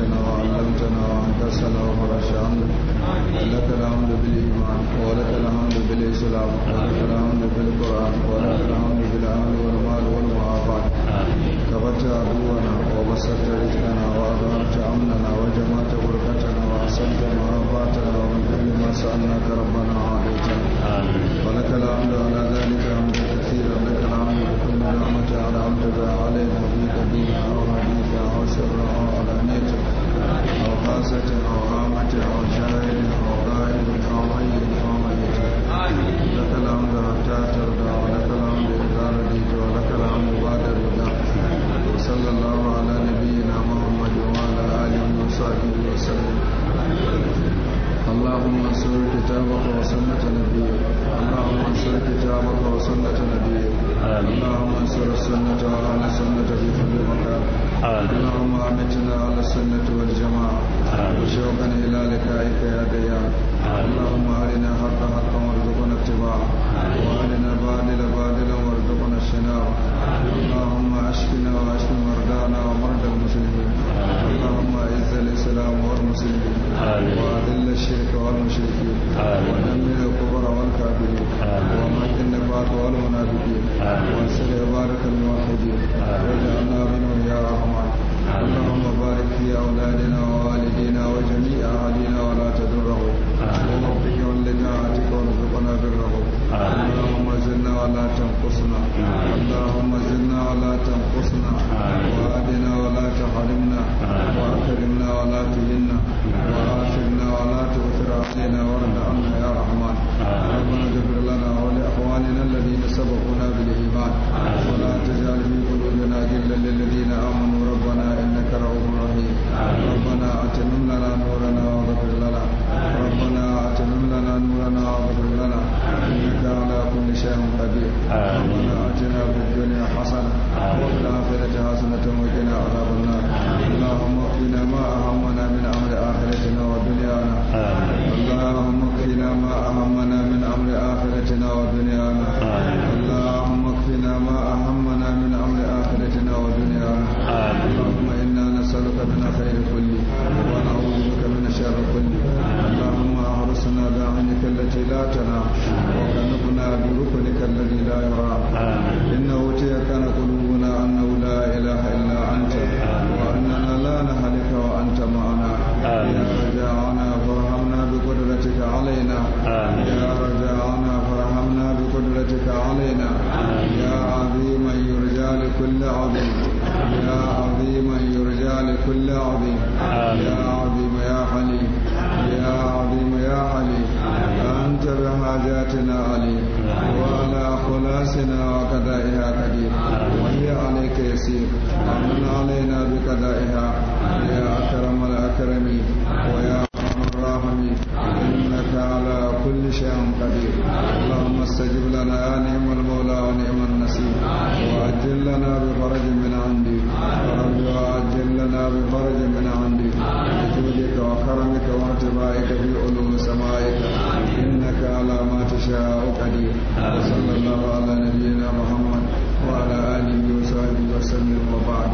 هديتنا وعلمتنا وأنتسنا وفرجت عنا لك الحمد بالإيمان ولك الحمد بالإسلام ولك الحمد بالقرآن ولك الحمد بالعمل والمال والمعافاة كبرت عدونا وبسطت رزقنا وأظهرت أمننا وجمعت بركتنا وأحسنت معافاتنا ومن كل ما سألناك ربنا وعافيتنا ولك الحمد على ذلك الحمد كثيرا لك الحمد بكل نعمة أنعمت بها علينا في قديمها وحديثها وسرها خاصة أو عامة أو شاهد أو غائب أو حي أو ميت لك الحمد حتى ترضى ولك الحمد إذا رضيت ولك الحمد بعد الرضا وصلى الله على نبينا محمد وعلى آله وصحبه وسلم اللهم انصر كتابك وسنة نبيك اللهم انصر كتابك وسنة نبيك اللهم انصر السنة وعلى السنة في كل مكان اللهم أمتنا على السنة والجماعة وشوقا إلى لقائك يا ديان اللهم أرنا حقا حقا وارزقنا اتباعه وأرنا باطلا باطلا وارزقنا اجتنابه اللهم أشفنا وأشف مرضانا ومرضى المسلمين اللهم أعز الإسلام والمسلمين وأذل الشرك والمشركين ونمن الكفر والكافرين ومن النفاق والمنافقين وانصر عبادك الموحدين واجعلنا منهم يا رحمن اللهم بارك في اولادنا ووالدينا وجميع اهالينا ولا تدرهم ووفقهم لطاعتك وارزقنا برهم اللهم زدنا ولا تنقصنا اللهم زدنا ولا تنقصنا وادنا ولا تحرمنا واكرمنا ولا تهنا واثرنا ولا تؤثر علينا وارض عنا يا رحمن ربنا اغفر لنا ولاخواننا الذين سبقونا بالايمان ولا تجعل في قلوبنا غلا للذين امنوا ربنا انك رؤوف رحيم ربنا اتمم لنا نورنا واغفر لنا ربنا اتمم لنا نورنا واغفر لنا انك على كل شيء قدير ربنا اتنا في الدنيا حسنه وفي الاخره حسنه وقنا عذاب النار اللهم اغفر ما اهمنا آخرتنا ودنيانا اللهم اكفنا ما أهمنا من أمر آخرتنا ودنيانا اللهم اكفنا ما أهمنا من أمر آخرتنا ودنيانا اللهم إنا نسألك من خير كله ونعوذ بك من شر كله اللهم أحرسنا بعينك التي لا تنام وكنفنا بركنك التي وصلى الله على نبينا محمد وعلى آله وصحبه وسلم وبعد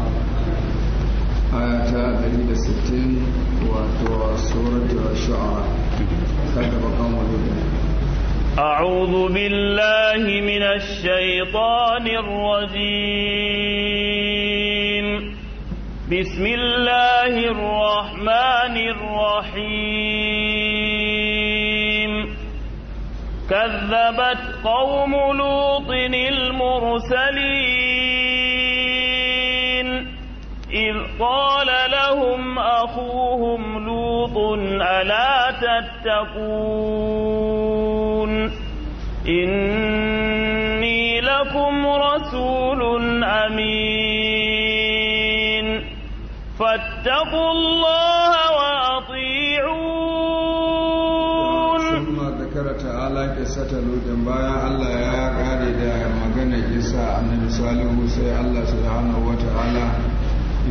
آية الستين وسورة الشعراء كتب قوم أعوذ بالله من الشيطان الرجيم بسم الله الرحمن الرحيم كذبت قوم لوط المرسلين إذ قال لهم أخوهم لوط ألا تتقون إني لكم رسول أمين فاتقوا الله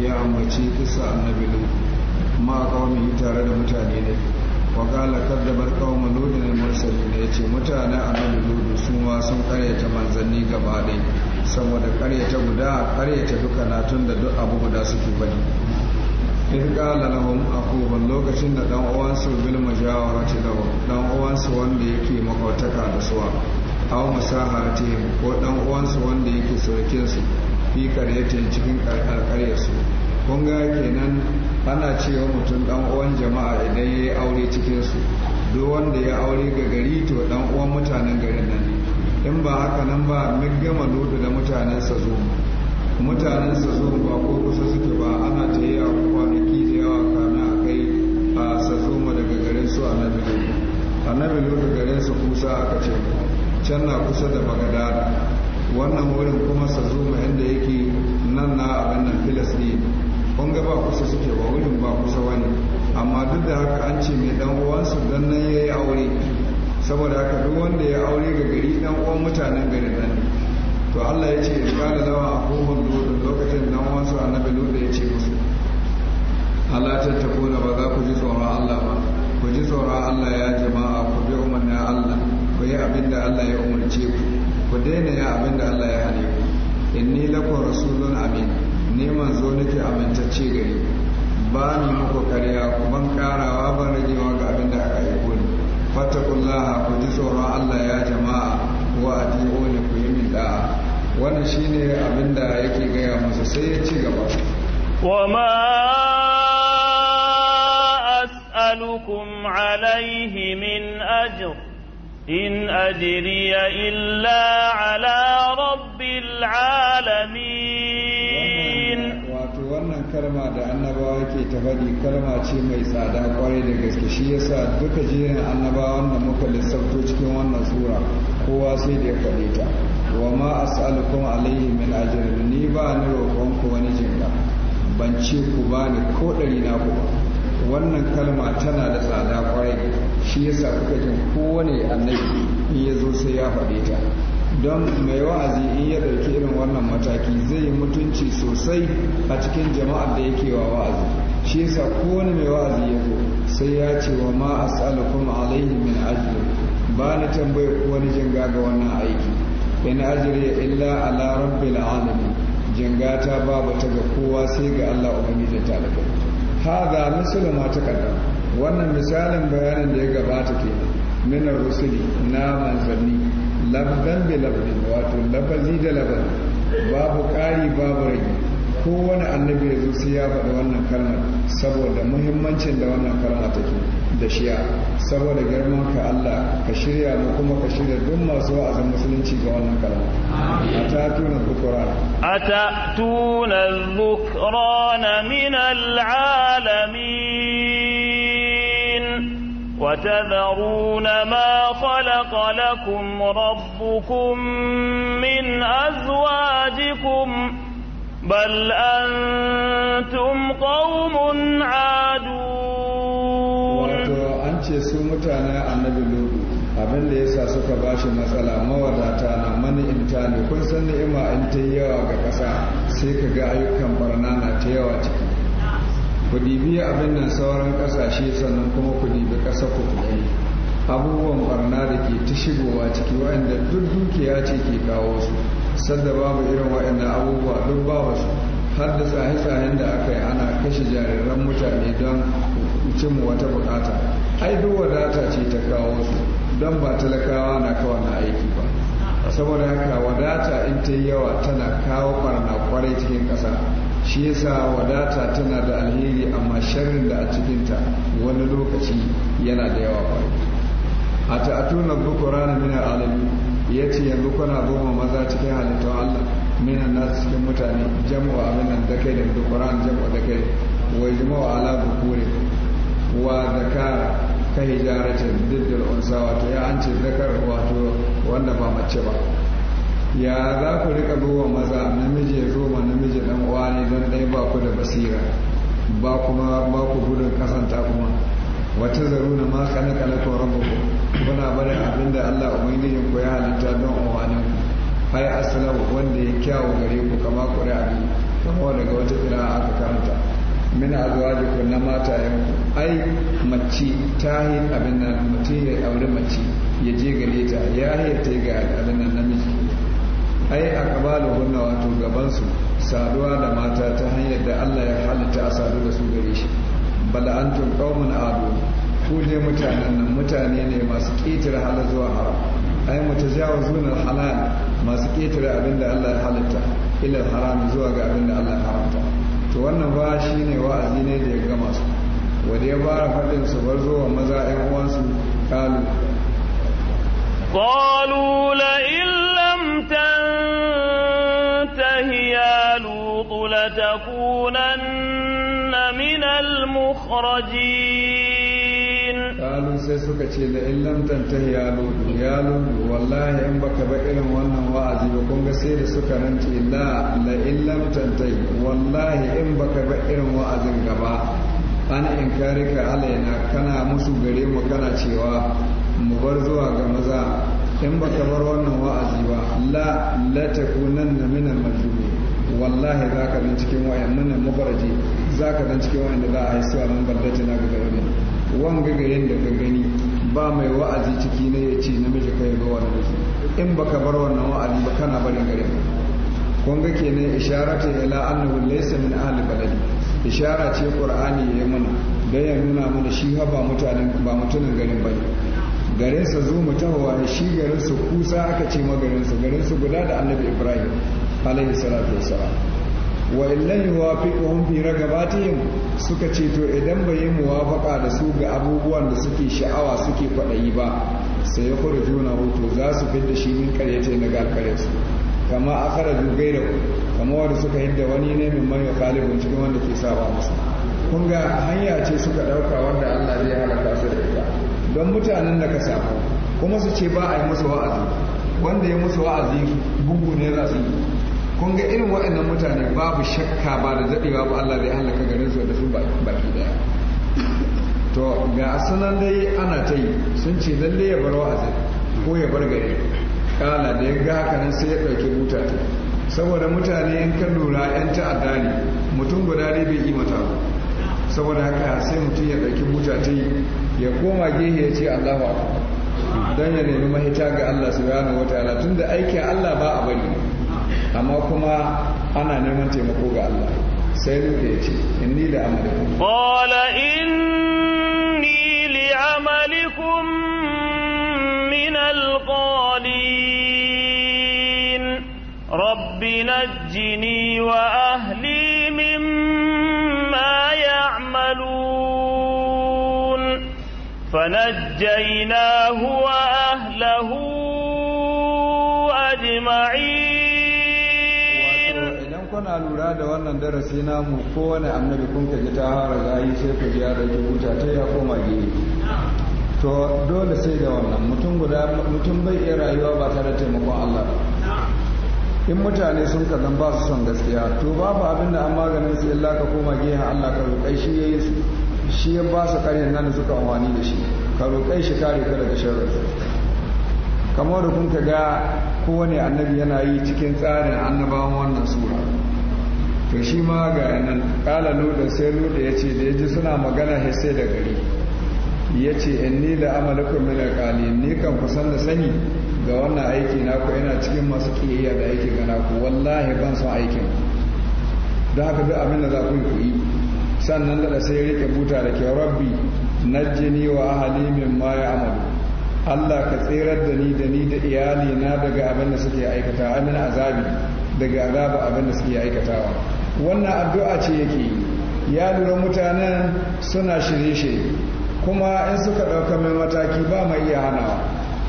ya ambaci kisa annabi lutu ma kawai tare da mutane ne wa kala kaddabar kawai lutu ne mursali ne ya ce mutane annabi lutu su ma sun karyata manzanni gaba ɗaya saboda karyata guda karyata duka na tun da duk abu guda suke bari in kala lahum akuban lokacin da dan uwansu bil mujawara ce da dan uwansu wanda yake makautaka da suwa aw musaharatihim ko dan uwansu wanda yake sarkin su fi karyatin cikin karkar su kun ga kenan ana cewa mutum dan uwan jama'a idan ya yi aure cikin su duk wanda ya aure ga gari to dan uwan mutanen garin nan in ba haka nan ba mun gama nudu da mutanen sa zo mutanen sa zo ba ko kusa suke ba ana ta yi a kwanaki da yawa kana a kai a sa zo daga garin su annabi annabi lokacin garin su kusa aka ce can na kusa da bagadara wannan wurin kuma ma inda yake nan na abin nan filas ne kun ga ba kusa suke ba wurin ba kusa wani amma duk da haka an ce mai dan uwansu dan nan ya yi aure saboda haka duk wanda ya aure ga gari dan uwan mutanen garin nan to Allah ya ce in kana lawa a kohon lodin lokacin dan uwansu annabi lodin ya ce musu Allah ta tako ba za ku ji tsoron Allah ba ku ji tsoron Allah ya jama'a ku bi umarnin Allah ku yi abin da Allah ya umarce ku ku daina ya abin da Allah ya hane ku inni lakum rasulun amin ni zo nake amintacce gare ku ba ni muku karya ku ban karawa ban ragewa ga abin da aka aiko ne. fatakullaha ku ji tsoron Allah ya jama'a wa ne ku yi min da'a wannan shine abin da yake gaya musu sai ya ci gaba wa as'alukum alaihi min ajr إن أدري إلا على رب العالمين wato wannan kalma da annabawa ke ta faɗi kalma ce mai tsada kwarai da gaske shi yasa duka jerin Annabawa da muka lissafto cikin wannan sura kowa sai da ya faɗe ta wa ma as'alukum alaihi min ajr ni ba ni roƙon ku wani jinka ban ce ku ba ni ko ɗari na ku wannan kalma tana da tsada kwarai shi yasa kuka jin kowane annabi in ya zo sai ya faɗe ta don mai wa'azi in ya ɗauki irin wannan mataki zai yi mutunci sosai a cikin jama'ar da yake wa wa'azi shi yasa kowane mai wa'azi ya zo sai ya ce wa ma as'alukum alaihi min ajri ba ni tambaye wani jinga ga wannan aiki in ajri illa ala rabbil alamin jinga ta babu ta ga kowa sai ga Allah ubangiji ta da kai hada musulma ta kaddama wannan misalin bayanin da ya gabata ke minar rusuli na manzanni labdan bi labdan wato lafazi da labdan babu ƙari babu rage kowane annabi ya sai ya faɗi wannan kalmar saboda muhimmancin da wannan kalma take da shiya saboda girman ka Allah ka shirya mu kuma ka shirya duk masu wa'azin musulunci ga wannan kalma atatuna dhukran atatuna dhukran min al'alamin وتذرون ما خلق لكم ربكم من أزواجكم بل أنتم قوم عادون وأنت سمتنا النبي لوط abin da yasa suka bashi matsala mawadata na mani imtani kun san ni'ima in ta yawa ga ƙasa sai ka ga ayyukan barna na ta yawa ciki ku dibi abin nan sauran kasashe sannan kuma ku dibi ƙasa ku kudai abubuwan barna da ke ta shigowa ciki wa'anda duk dukiya ce ke kawo su sadda babu irin wa'anda abubuwa duk babu su har da tsaye-tsayen da aka yi ana kashe jariran mutane don cin wata bukata ai duk wadata ce ta kawo su don ba talakawa na kawo na aiki ba saboda haka wadata in ta yi yawa tana kawo barna kwarai cikin ƙasa shi yasa wadata tana da alheri amma sharrin da a cikinta wani lokaci yana da yawa ba a ta'atuna bukurana min ya yace yanzu kuna goma maza cikin halittun Allah minan na cikin mutane jama'a abin nan da kai da bukuran jama'a da kai wa jama'a ala bukure wa da ka hijaratin da unsa wato ya an ce zakar wato wanda ba mace ba ya za ku rika zuwa maza namiji ya zo namiji dan uwa ne don ɗaya ba ku da basira ba kuma ba ku gudun kasanta kuma wata zaru na ma kana kala ko rabu ku kuna barin abin da Allah ubangijin ku ya halitta don uwanin ku ai asalau wanda ya kyawu gare ku kama ku abin kama daga wata a aka karanta min azwajikum na matayenku ai mace ta yi abin nan mutum ya aure mace ya je gare ta ya yi ga abin nan ai a kabalu hunna wato gabansu saduwa da mata ta hanyar da Allah ya halitta a sadu da su gare shi bala antum qaumun adu ku ne mutanen nan mutane ne masu ƙetare hala zuwa haram ai mutajawizun halal masu ƙetare abinda Allah ya halitta ila haram zuwa ga abinda Allah ya haramta to wannan ba ne wa'azi ne da ya gama su wanda ya fara faɗin su bar zuwa maza ƴan uwansu kalu qalu la لتكونن من المخرجين قالوا sai suka ce da yalo lam tantahi ya wallahi in baka ba irin wannan wa'azi ba kun ga sai da suka rance la la in lam tantahi ba irin wa'azin gaba an in ka alaina kana musu gare mu kana cewa mu bar zuwa ga maza in bar wannan wa'azi ba la la takunan wallahi za ka bin cikin wayan nan mafaraji za ka bin cikin wayan da za a haisuwa nan bardace na ga gare wan gagayen da ka gani ba mai wa'azi ciki na ya ce namiji kai ga wani miji in baka bar wannan wa'azi ba kana barin gare ka kun ga kenan isharatu ila annahu laysa min ahli baladi ishara ce qur'ani ya mana da ya nuna mana shi ha ba mutanen ba mutumin garin bane garinsa zo mu tahowa da shi garinsu kusa aka ce ma garinsu garinsu guda da annabi ibrahim alaihi salatu wasalam wa illan yuwafiquhum fi ragabatihim suka ce to idan bai yi muwafaka da su ga abubuwan da suke sha'awa suke kwaɗayi ba sai ya kore juna hoto za su fidda shi min ta na gakarin su kama akharaju gairahu kama wanda suka yadda wani ne min man yukhalifun cikin wanda ke saba musu kun ga hanya ce suka ɗauka wanda Allah zai halaka su da ita don mutanen da ka samu kuma su ce ba a yi musu wa'azi wanda ya musu wa'azi bugu ne za su yi kun ga irin waɗannan mutane babu shakka ba da daɗewa ba Allah bai halaka garin su da su baki daya to ga sunan dai ana ta yi sun ce lalle ya bar wa'azi ko ya bar gari kala da ya ga hakanan sai ya ɗauki buta saboda mutane in kan lura yan ta'adda ne mutum guda ne bai imata ba saboda haka sai mutum ya ɗauki buta ta yi ya koma gehe ya ce Allahu akbar dan ya nemi mahita ga Allah subhanahu wataala tunda aikin Allah ba a bari amma kuma ana neman taimako ga Allah sai ya ce inni da amalikum qala inni li amalikum min alqalin rabbi najjini wa ahli mimma ya'malun fanajjaynahu wa ahlihi ajma'in ana lura da wannan darasi namu wani annabi kun ka ji ta hara gayi sai ku ji ya ɗauki ta ya koma gini to dole sai da wannan mutum guda mutum bai iya rayuwa ba tare da taimakon Allah in mutane sun ka zan ba su son gaskiya to babu abin da an maganin su illa ka koma gini Allah ka roƙai shi yayi shi ya ba su ƙarfin nan suka amfani da shi ka roƙai shi kare ka daga sharri kamar da kun ka ga kowane annabi yana yi cikin tsarin annabawan wannan sura to shi ma ga nan kala luda sai luda ya ce da ya ji suna magana sai da gari ya ce in ni da amalakun min alƙali ni kan kusan da sani ga wannan aiki na ku yana cikin masu kiyayya da aiki ga ku. wallahi ban son aikin Da haka duk abin da za ku yi ku sannan da sai rike buta da kyau rabbi na jini wa ahali min ma ya amalu Allah ka tsirar da ni da ni da iyali daga abin da suke aikata amin azabi daga azaba abin da suke aikatawa wannan addu'a ce yake yi ya lura mutanen suna shirye-shirye kuma in suka ɗauka mai mataki ba mai iya hanawa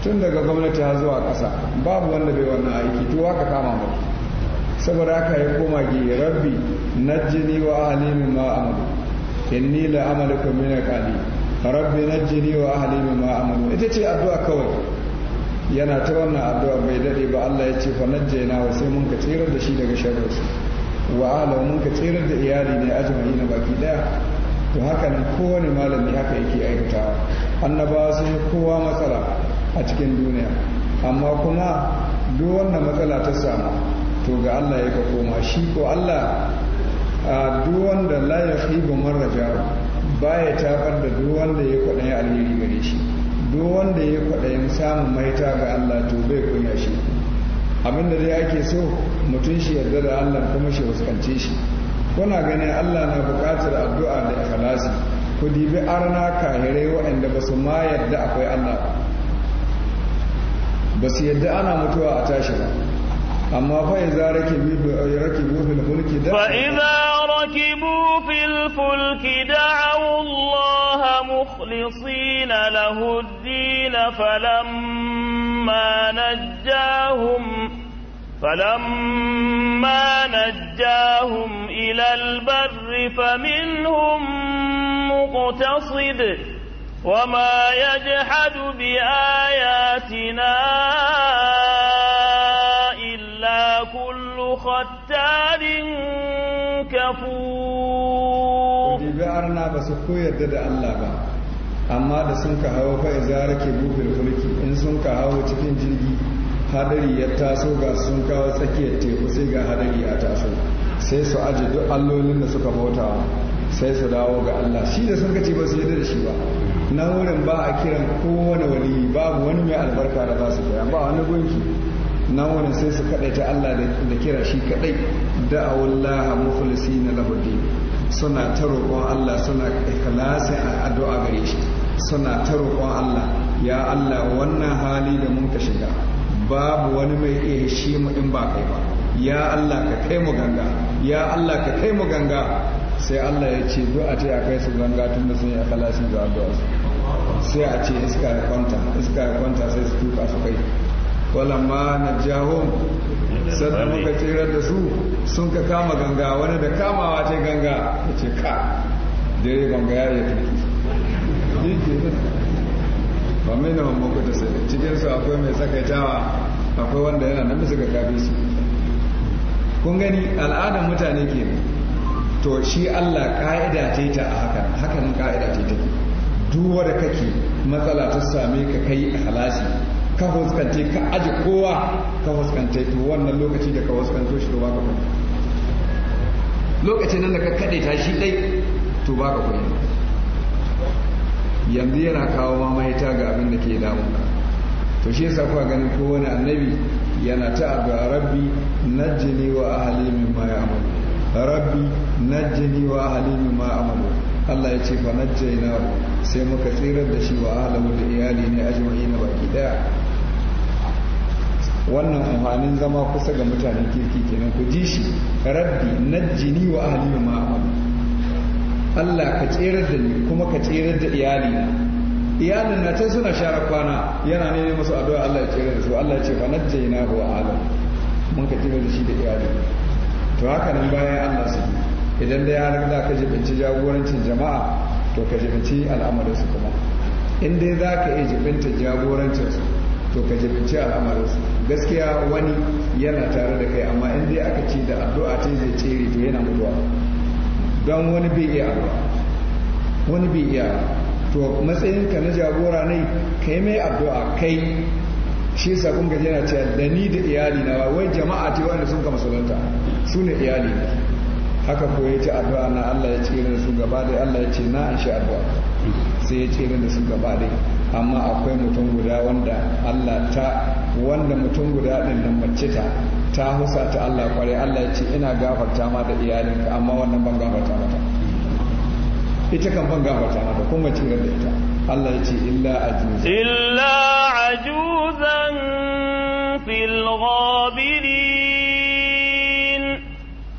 tun daga gwamnati har zuwa ƙasa babu wanda bai wannan aiki to haka kama mu saboda haka ya koma gi rabbi najjini wa ahli ma amalu inni la amalukum min qali rabbi najjini wa ahli ma amalu ita ce addu'a kawai yana ta wannan addu'a bai dade ba Allah ya ce fa najjayna wa sai mun ka tsirar da shi daga sharri wa ala mun ka tsirar da iyali ne ajma'ina baki daya to haka ne kowane malami haka yake aikatawa annaba su yi kowa matsala a cikin duniya amma kuma duk wannan matsala ta samu to ga Allah ya ka koma shi ko Allah a duk wanda la yahibu marraja baya tabar da duk wanda ya kwaɗaya alheri gare shi duk wanda ya kwaɗayin samun maita ga Allah to bai kunya shi abinda dai ake so mutum shi yarda da Allah kuma shi fuskance shi kuna ganin Allah na buƙatar addu'a da ikhlasi ku dibi arna kahirai waɗanda ba su ma yarda akwai Allah ba su yarda ana mutuwa a tashi ba amma fa idza rakibu rakibu fil fulki da fa idza rakibu fil fulki da'u Allah مخلصين له الدين فلما نجاهم فلما نجاهم إلى البر فمنهم مقتصد وما يجحد بآياتنا إلا كل ختال كفور. Gobe arna ba su amma da sun ka hawa fa zara ke bufil fulki in sun ka hawa cikin jirgi hadari ya taso ga sun kawo tsakiyar teku sai ga hadari ya taso sai su aji duk allolin da suka bautawa sai su dawo ga Allah shi da sun kace ba su yadda da shi ba na wurin ba a kiran kowane wani babu wani mai albarka da ba su kira ba wani gunki na wurin sai su ta Allah da kira shi kadai da'awullaha mukhlisina na din suna ta roƙon Allah suna ikhlasin addu'a gare shi suna ta roƙon Allah ya Allah wannan hali da mun ka shiga babu wani mai iya shi mu in ba kai ba ya Allah ka kai mu ganga ya Allah ka kai mu ganga sai Allah ya ce zo a ce a kai su ganga tun da sun yi akalasin ga addu'a sai a ce iska ya kwanta iska ya kwanta sai su tuka su kai walamma na jahon sadda muka tsirar da su sun ka kama ganga wani da kamawa ce ganga ya ce ka dare ganga ya yi ba mai da mamako da sai cikinsu akwai mai sakaitawa akwai wanda yana nan bisa ga su kun gani al'adar mutane ke to shi Allah ka'ida ta ta a hakan hakanin ka'ida ta ke duwa da kake matsala ta same ka kai halashi ka fuskante ka aji kowa ka fuskante to wannan lokaci da ka fuskanto shi to baka kuɗi lokacin nan da ka kaɗe ta shi ɗai to baka kuɗi yanzu yana kawo ma ga abin da ke damun ka to shi yasa kuwa ganin kowane annabi yana ta a rabbi najjini wa ma ya ya'malu rabbi najjini wa ahli mimma ya'malu Allah ya ce fa najjaynahu sai muka tsirar da shi wa ahlahu da iyali ne na baki daya wannan amfanin zama kusa ga mutanen kirki kenan ku ji shi rabbi najini wa ahli mimma ya'malu Allah ka tsere da ni kuma ka tsere da iyali iyalin na can suna share kwana yana ne musu addu'a Allah ya tsere da su Allah ya ce fanajjayna wa alam mun ka tsere da shi da iyali to haka nan bayan Allah su idan da yaran da ka jibinci jagorancin jama'a to ka jibinci al'amarin su kuma in dai za ka yi jibinta jagorancin su to ka jibinci al'amarin su gaskiya wani yana tare da kai amma in dai aka ci da addu'a ce zai tsere to yana mutuwa don wani bai iya wani bai iya to ka na jagora ne ka yi mai addu'a kai shi sakon kun na cewa da ni da iyali na wai jama'a ce wanda sun ka musulunta su ne iyali haka ko ya ci addu'a na Allah ya ce da su gaba da Allah ya ce na an shi addu'a sai ya ce da su gaba da amma akwai mutum guda wanda Allah ta wanda mutum guda din nan mace ta ta husa ta Allah kwarai Allah ya ce ina gafarta ma da iyalinka amma wannan ban gafarta mata ita kan ban gafarta mata kuma mace da ita Allah ya ce illa ajuzan illa ajuzan fil ghabirin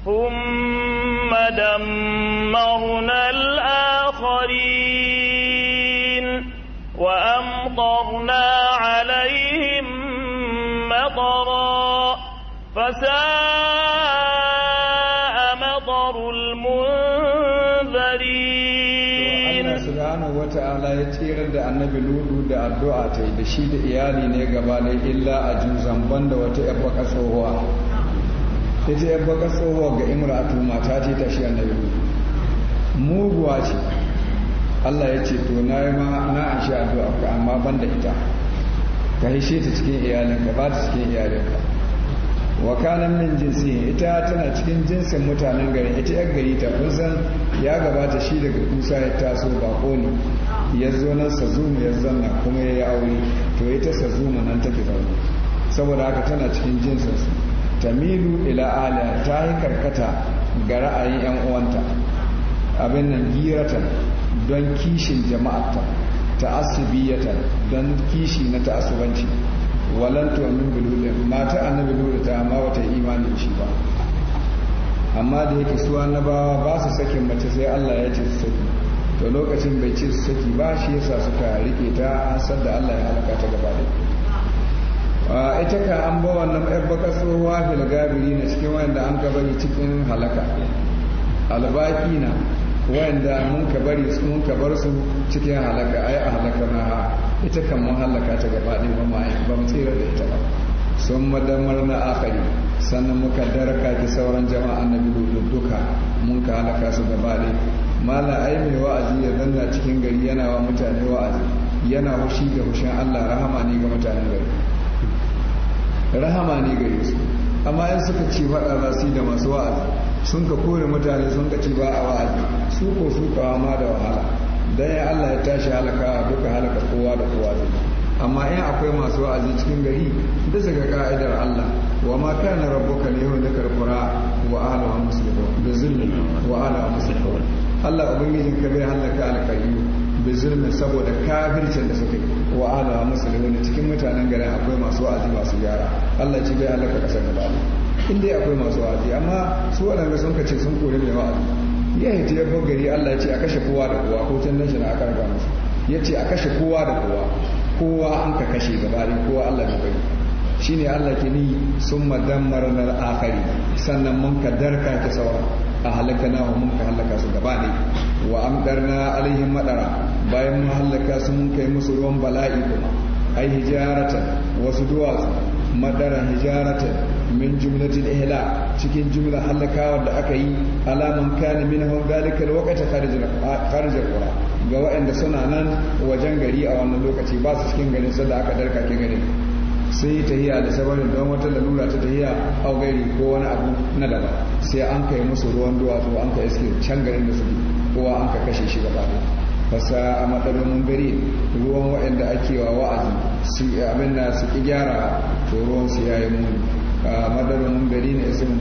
thumma dammarna al-akharin wa amtarna alayhim فساء مطر المنذرين الله سبحانه وتعالى يتير da annabi lulu da addu'a ta da shi da iyali ne gaba da illa a juzan banda wata yabba kasowa ita yabba kasowa ga imratu mata ce ta shi annabi lulu muguwa ce Allah ya ce to na yi ma na an sha addu'a amma banda ita ka hishe ta cikin iyalinka ba ta cikin iyalinka wa kanan min jinsi ita tana cikin jinsin mutanen gari ita yar gari ta kun san ya gabata shi daga kusa ya taso ba ne ya zo nan sazuma ya zanna kuma ya yi aure to ita sazuma nan take zaune saboda haka tana cikin jinsin su tamilu ila ala ta yi karkata ga ra'ayin yan uwanta abin nan girata don kishin jama'ata ta asibiyata don kishi na ta'asubanci walantu min bilulin mata annabi lura ta amma wata imanin shi ba amma da yake na annabawa ba su sakin mace sai Allah ya ce su saki to lokacin bai ce su saki ba shi yasa suka rike ta an san da Allah ya halaka ta gaba da ita ka an ba wannan ɗan baka tsohuwa filagabiri na cikin wanda an ka cikin halaka albaki na wa'anda mun ka bari mun ka bar su cikin halaka ai a halaka na ha ita kan mun halaka ta gaba din ba mai ba mu tsira da ita ba sun madamar na akari sannan muka daraka ki sauran jama'a na biyu duka mun ka halaka su gaba din mala ai mai wa'azi ya zanna cikin gari yana wa mutane wa'azi yana hushi da hushin Allah rahama ne ga mutanen gari rahama ne ga su amma in suka ci faɗa za su yi da masu wa'azi sun ka kore mutane sun ka ci ba a wa'azi su ko su kawa ma da wahala dan ya Allah ya tashi halaka duka halaka kowa da kowa zai amma in akwai masu wa'azi cikin gari bisa ga ka'idar Allah wa ma kana rabbuka li yuhdika al-qura wa ahliha muslimun bi zulmin wa ahliha muslimun Allah ubangijin ka bai halaka alƙaryu bi zulmin saboda kafircin da suke wa ahliha muslimun cikin mutanen garin akwai masu wa'azi masu gyara Allah ya ci bai halaka kasar da ba in dai akwai masu wa'azi amma su waɗanda sun kace sun kore mai wa'azi ya hita ya gari Allah ya ce a kashe kowa da kowa ko can nan shi na aka raba musu ya ce a kashe kowa da kowa kowa an ka kashe gabari kowa Allah ya bari shine Allah ke ni sun madammar na akari sannan mun ka darka ta saura a halaka na mun ka halaka su gaba ne wa amdarna alaihim madara bayan mun halaka su mun kai musu ruwan bala'i kuma ai hijaratan wasu duwatsu madara hijaratan min jumlatil ihla cikin jumla halakawa da aka yi alaman kana minhum dalika alwaqti kharij alqura ga wa'anda suna nan wajen gari a wannan lokaci ba su cikin ganin sai aka darka ke garin sai tahiya da sabarin don wata lalura ta tahiya au gairi ko wani abu na daban sai an kai musu ruwan duwatsu an kai iske can garin da suke kowa an ka kashe shi gaba fasa a matsalolin gari ruwan wa'anda ake wa wa'azi su abin da su ki gyara to ruwan su yayi muni a madarun gari ne ismin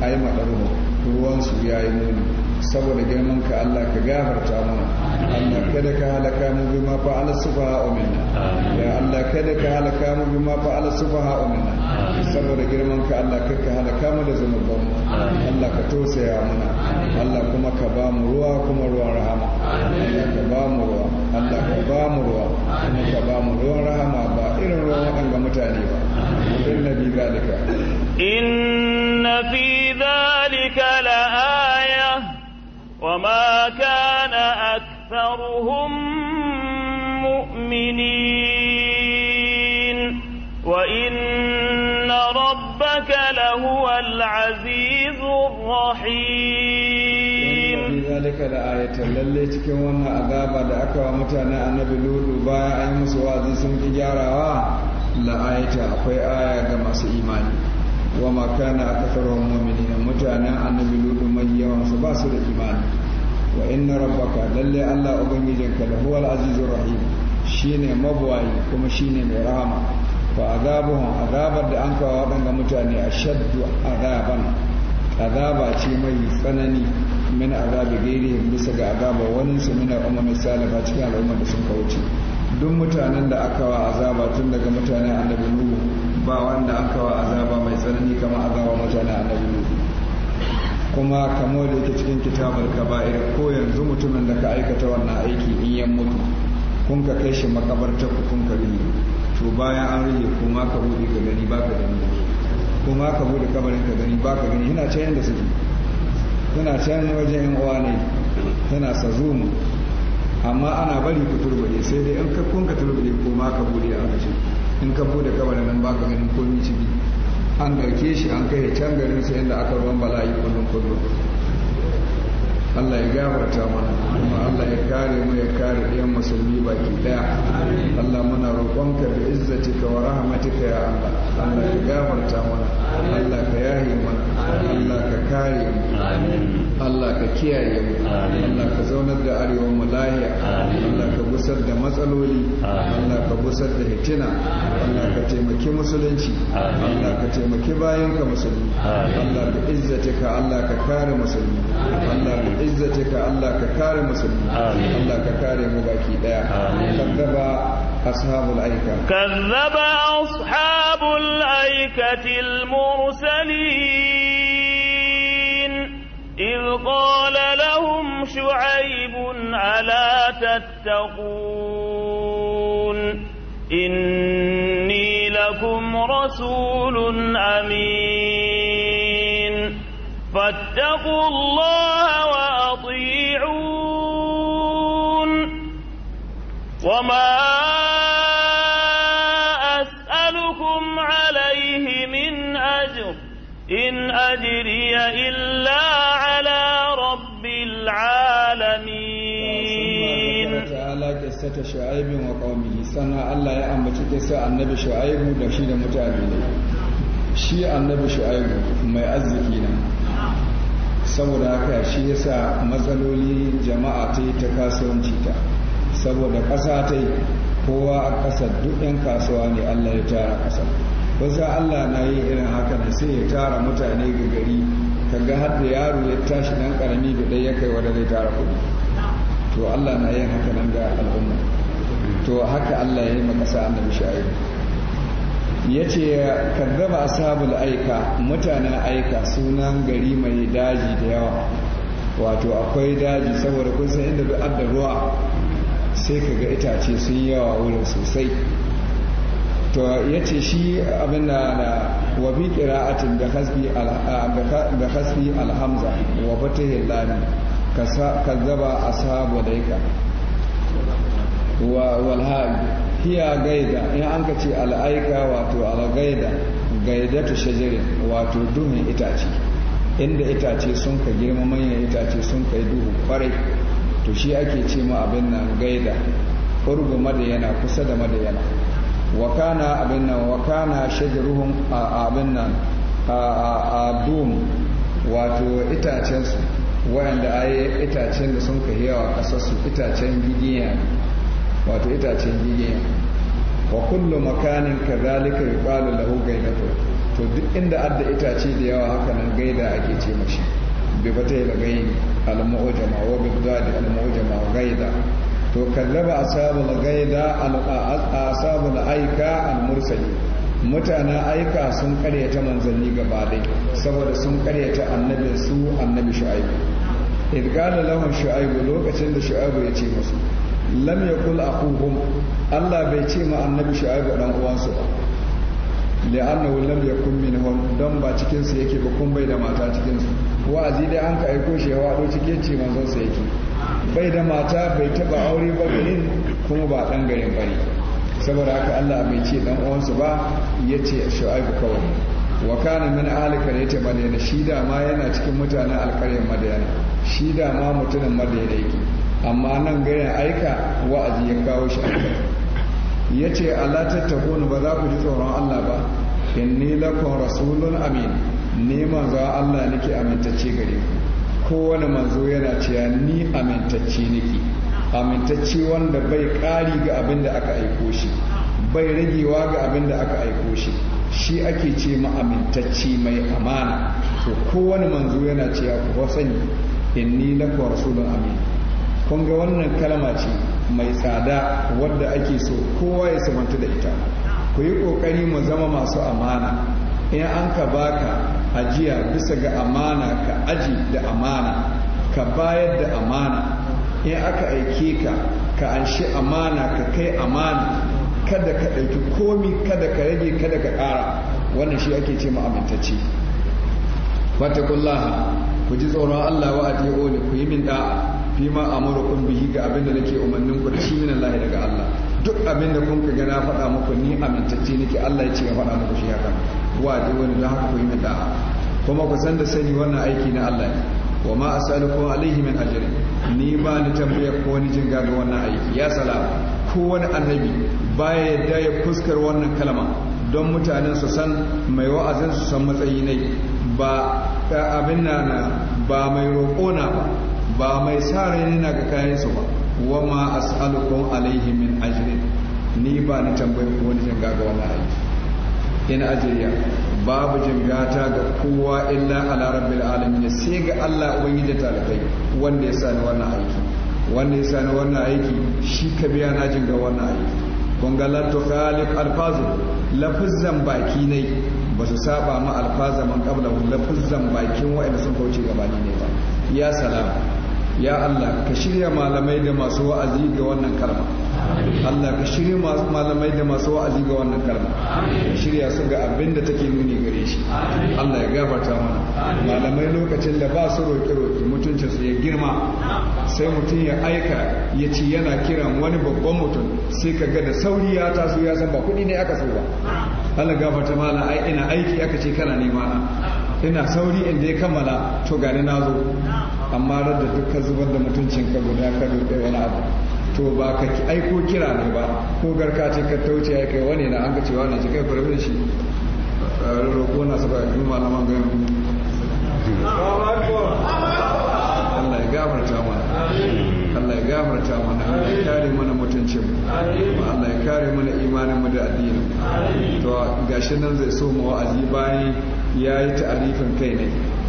a ai madarin ruwan su ya yi muni saboda girman ka Allah ka gafarta mana أن كذلك هلكانوا بما فعل السفهاء منا يا الله كذلك هلكانوا بما فعل السفهاء منا سبر جرمك الله كذلك هلكانوا لزم الضم الله كتوسع منا الله كما كبام روا كما روا رحمة الله كبام روا الله كبام روا كما كبام روا رحمة با إن روا أن كما تعلم إن في ذلك إن في ذلك لآية وما كان أكثرهم مؤمنين وإن ربك لهو العزيز الرحيم ذلك لآية للي cikin wannan azaba da aka wa mutane annabi Lutu baya an musu wa'azi sun ki gyarawa la'ayata akwai aya ga masu imani wa makana akasaruhum mu'minin mutanen annabi Lutu mai yawan su ba su da imani wa inna rabbaka lalle Allah ka da al azizur rahim shine mabwayi kuma shine mai rahama fa azabuhum azabar da an kawo ga mutane ashaddu azaban azaba ce mai tsanani min azabi gairi bisa ga azaba wani su mina umma ba cikin al'umma da sun kauce duk mutanen da aka wa azaba tun daga mutanen annabi nuhu ba wanda aka wa azaba mai tsanani kamar azaba mutanen annabi nuhu kuma kamar da yake cikin kitabar kaba'ir ko yanzu mutumin da ka aikata wannan aiki in ya mutu kun ka kai shi makabarta ku kun ka rige to bayan an rige kuma ka bude ka gani ba ka gani kuma ka bude kabarin ka gani ba ka gani yana can yanda suke yana can wajen yan uwa ne yana sazumu amma ana bari ku turbade sai dai in ka kun ka turbade kuma ka bude a in ka bude kabarin nan ba ka gani ni ciki an ɗauke shi an kai can garin sai inda aka ruwan bala'i kullum kullum Allah ya gafarta mana kuma Allah ya kare mu ya kare ɗayan musulmi baki ɗaya Allah muna roƙonka da izzatika wa rahmatika ya Allah Allah ya gafarta mana Allah ka yaye mu. Allah ka kare mu Allah ka kiyaye mu Allah ka zaunar da arewa mu lahiya Allah ka busar da matsaloli Allah ka busar da hitina Allah ka taimaki musulunci Allah ka taimaki ka musulmi Allah ka ka Allah ka kare musulmi Allah ka ka Allah ka kare musulmi Allah ka kare mu baki daya أصحاب الأيكة كذب أصحاب الأيكة المرسلين إذ قال لهم شعيب ألا تتقون إني لكم رسول أمين فاتقوا الله وأطيعون وما أجري إلا على رب العالمين تعالى قصة شعيب وقومه سنة الله يا أم قصة النبي شعيب ودشيد متعبين shi annabi shu'aibu mai arziki na. saboda haka shi yasa matsaloli jama'a ta yi ta kasuwanci ta saboda ƙasa ta yi kowa a ƙasa duk 'yan kasuwa ne allah ya tara ƙasa kusa Allah na yi irin haka da sai ya tara mutane ga gari kaga har da yaro ya tashi dan karami da dai ya kai wanda zai tara kuɗi to Allah na yin haka nan ga al'umma to haka Allah ya yi makasa annabi yace ya ce kaddaba ashabul aika mutanen aika sunan gari mai daji da yawa wato akwai daji saboda kun san inda duk da ruwa sai ga itace sun yawa wurin sosai to ya ce shi abin da wabi kira bi da hasbi alhamza wa bata al hamza ka fatihi a sabu daika wa wal hiya gaida in an ka ce al wato al gaida ta shajiri wato duhun itace inda itace sun ka girma manyan itace sun kai duhu kwarai to shi ake ce ma abin nan gaida urgu madayana kusa da madayana wa kana abin nan wa kana shajaruhum abin nan a dum wato itacen su wanda ayi itacen da sun kai yawa kasar su itacen gigiya wato itacen gigiya wa kullu makanin kadhalika yuqalu lahu gaidatu to duk inda adda itace da yawa haka nan gaida ake ce mashi bi bata yi gaini al-mu'jama wa bi da al-mu'jama gaida to kallaba ashabul gaida ashabul aika al-mursali mutanen aika sun karyata manzanni gaba dai saboda sun karyata annabin su annabi shu'aibu idgala lahum shu'aibu lokacin da shu'aibu ya ce musu lam yakul akuhum Allah bai ce ma annabi shu'aibu dan uwansu ba li'annahu lam yakun minhum don ba cikin yake ba kun bai da mata cikin su wa'azi dai an ka aiko shi ya wado cike ce manzon sa yake bai da mata bai taba aure ba garin kuma ba dan garin bane saboda haka Allah bai ce dan uwansu ba yace shu'aibu kawai wa kana min ahli qaryati na shi da yana cikin mutanen alƙaryar madina shi da ma mutumin madina yake amma nan gaya aika wa'azi ya kawo shi ya ce Allah tattakuni ba za ku ji tsoron Allah ba inni lakon rasulun amin ne manzo Allah nake amintacce gare ku kowane manzo yana cewa ni amintacce nake amintacce wanda bai ƙari ga abin da aka aiko shi bai ragewa ga abin da aka aiko shi shi ake ce ma amintacce mai amana to kowane manzo yana cewa ku sani inni lakon rasulun amin kun ga wannan kalma ce mai tsada wadda ake so kowa ya samanta da ita ku yi ƙoƙari mu zama masu amana in an ka baka ajiya bisa ga amana ka aji da amana ka bayar da amana in aka aike ka ka anshi amana ka kai amana kada ka ɗauki komi kada ka rage kada ka ƙara wannan shi ake ce ma'amintacci amintacce wata kullaha ku ji tsoron Allah wa adiyo ne ku yi min da'a fi ma amurukum bihi ga abin da nake umarnin ku da shi min Allah daga Allah duk abin da kun ka ga na faɗa muku ni amintacce nake Allah ya ce ya faɗa muku shi haka wa duk wani da haka ku yi da'a kuma ku san da sani wannan aiki na Allah ne wa ma asalukum alaihi min ajri ni ba ni tambayar ko wani jin gado wannan aiki ya sala ko wani annabi baya yadda ya fuskar wannan kalma don mutanen su san mai wa'azin su san matsayi ne ba abin na ba mai roƙo na ba ba mai sa rai ne na ga kayan su ba wa ma as'alukum alaihi min ajri ni ba ni tambayi wani jinga ga wannan aiki in ajriya babu jingata ga kowa illa ala rabbil alamin sai ga Allah ubangiji talakai wanda ya sani wannan aiki wanda ya sani wannan aiki shi ka biya na jinga wannan aiki kun ga la khalif alfazu lafazzan baki ne ba su saba ma alfaza man qablahu lafazzan bakin wa'anda sun kauce gabani ne ba ya salama ya Allah ka shirya malamai da masu wa'azi ga wannan kalma Allah ka shirya masu malamai da masu wa'azi ga wannan kalma ka shirya su ga abin da take nuni gare shi Allah ya gafarta mana malamai lokacin da ba su roƙe roƙe mutuncin su ya girma sai mutum ya aika ya ci yana kiran wani babban mutum sai ka ga da sauri ya taso ya san ba kuɗi ne aka so ba Allah gafarta mana ai ina aiki aka ce kana nema na ina sauri inda ya kammala to gani na zo amma da duka zubar da mutuncin ka guda ka dode wani abu to ba ka aiko kira ne ba ko garka ce ka tauce ya kai wani na an ka cewa ne kai ku rabin shi roƙo na saba yi malaman gani Allah ya gafarta mana Allah ya gafarta mana Allah ya kare mana mutuncin mu Allah ya kare mana imanin mu da addinin to gashi nan zai so mu wa'azi bayan ya yi ta'arifin kai ne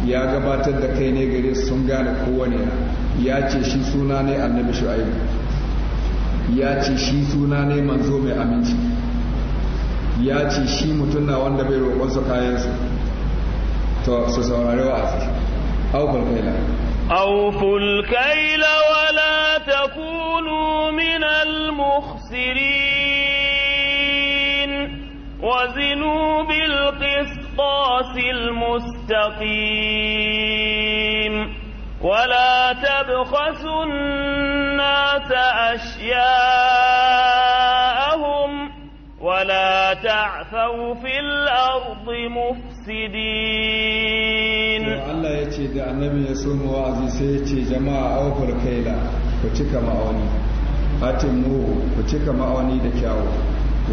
ya gabatar da kai ne gare sun gane kowane ya ce shi suna ne annabi shu'aibu ya ce shi suna ne manzo mai aminci ya ce shi mutum na wanda bai roƙonsa kayansu to su saurari wa'azi aukul kaila aukul kaila wala takunu min al الصراط المستقيم ولا تبخسوا الناس أشياءهم ولا تعثوا في الأرض مفسدين الله يتي ده النبي يسوم وعزي سيتي جماعة أوفر كيلا وتك معوني أتموه وتك معوني دكاو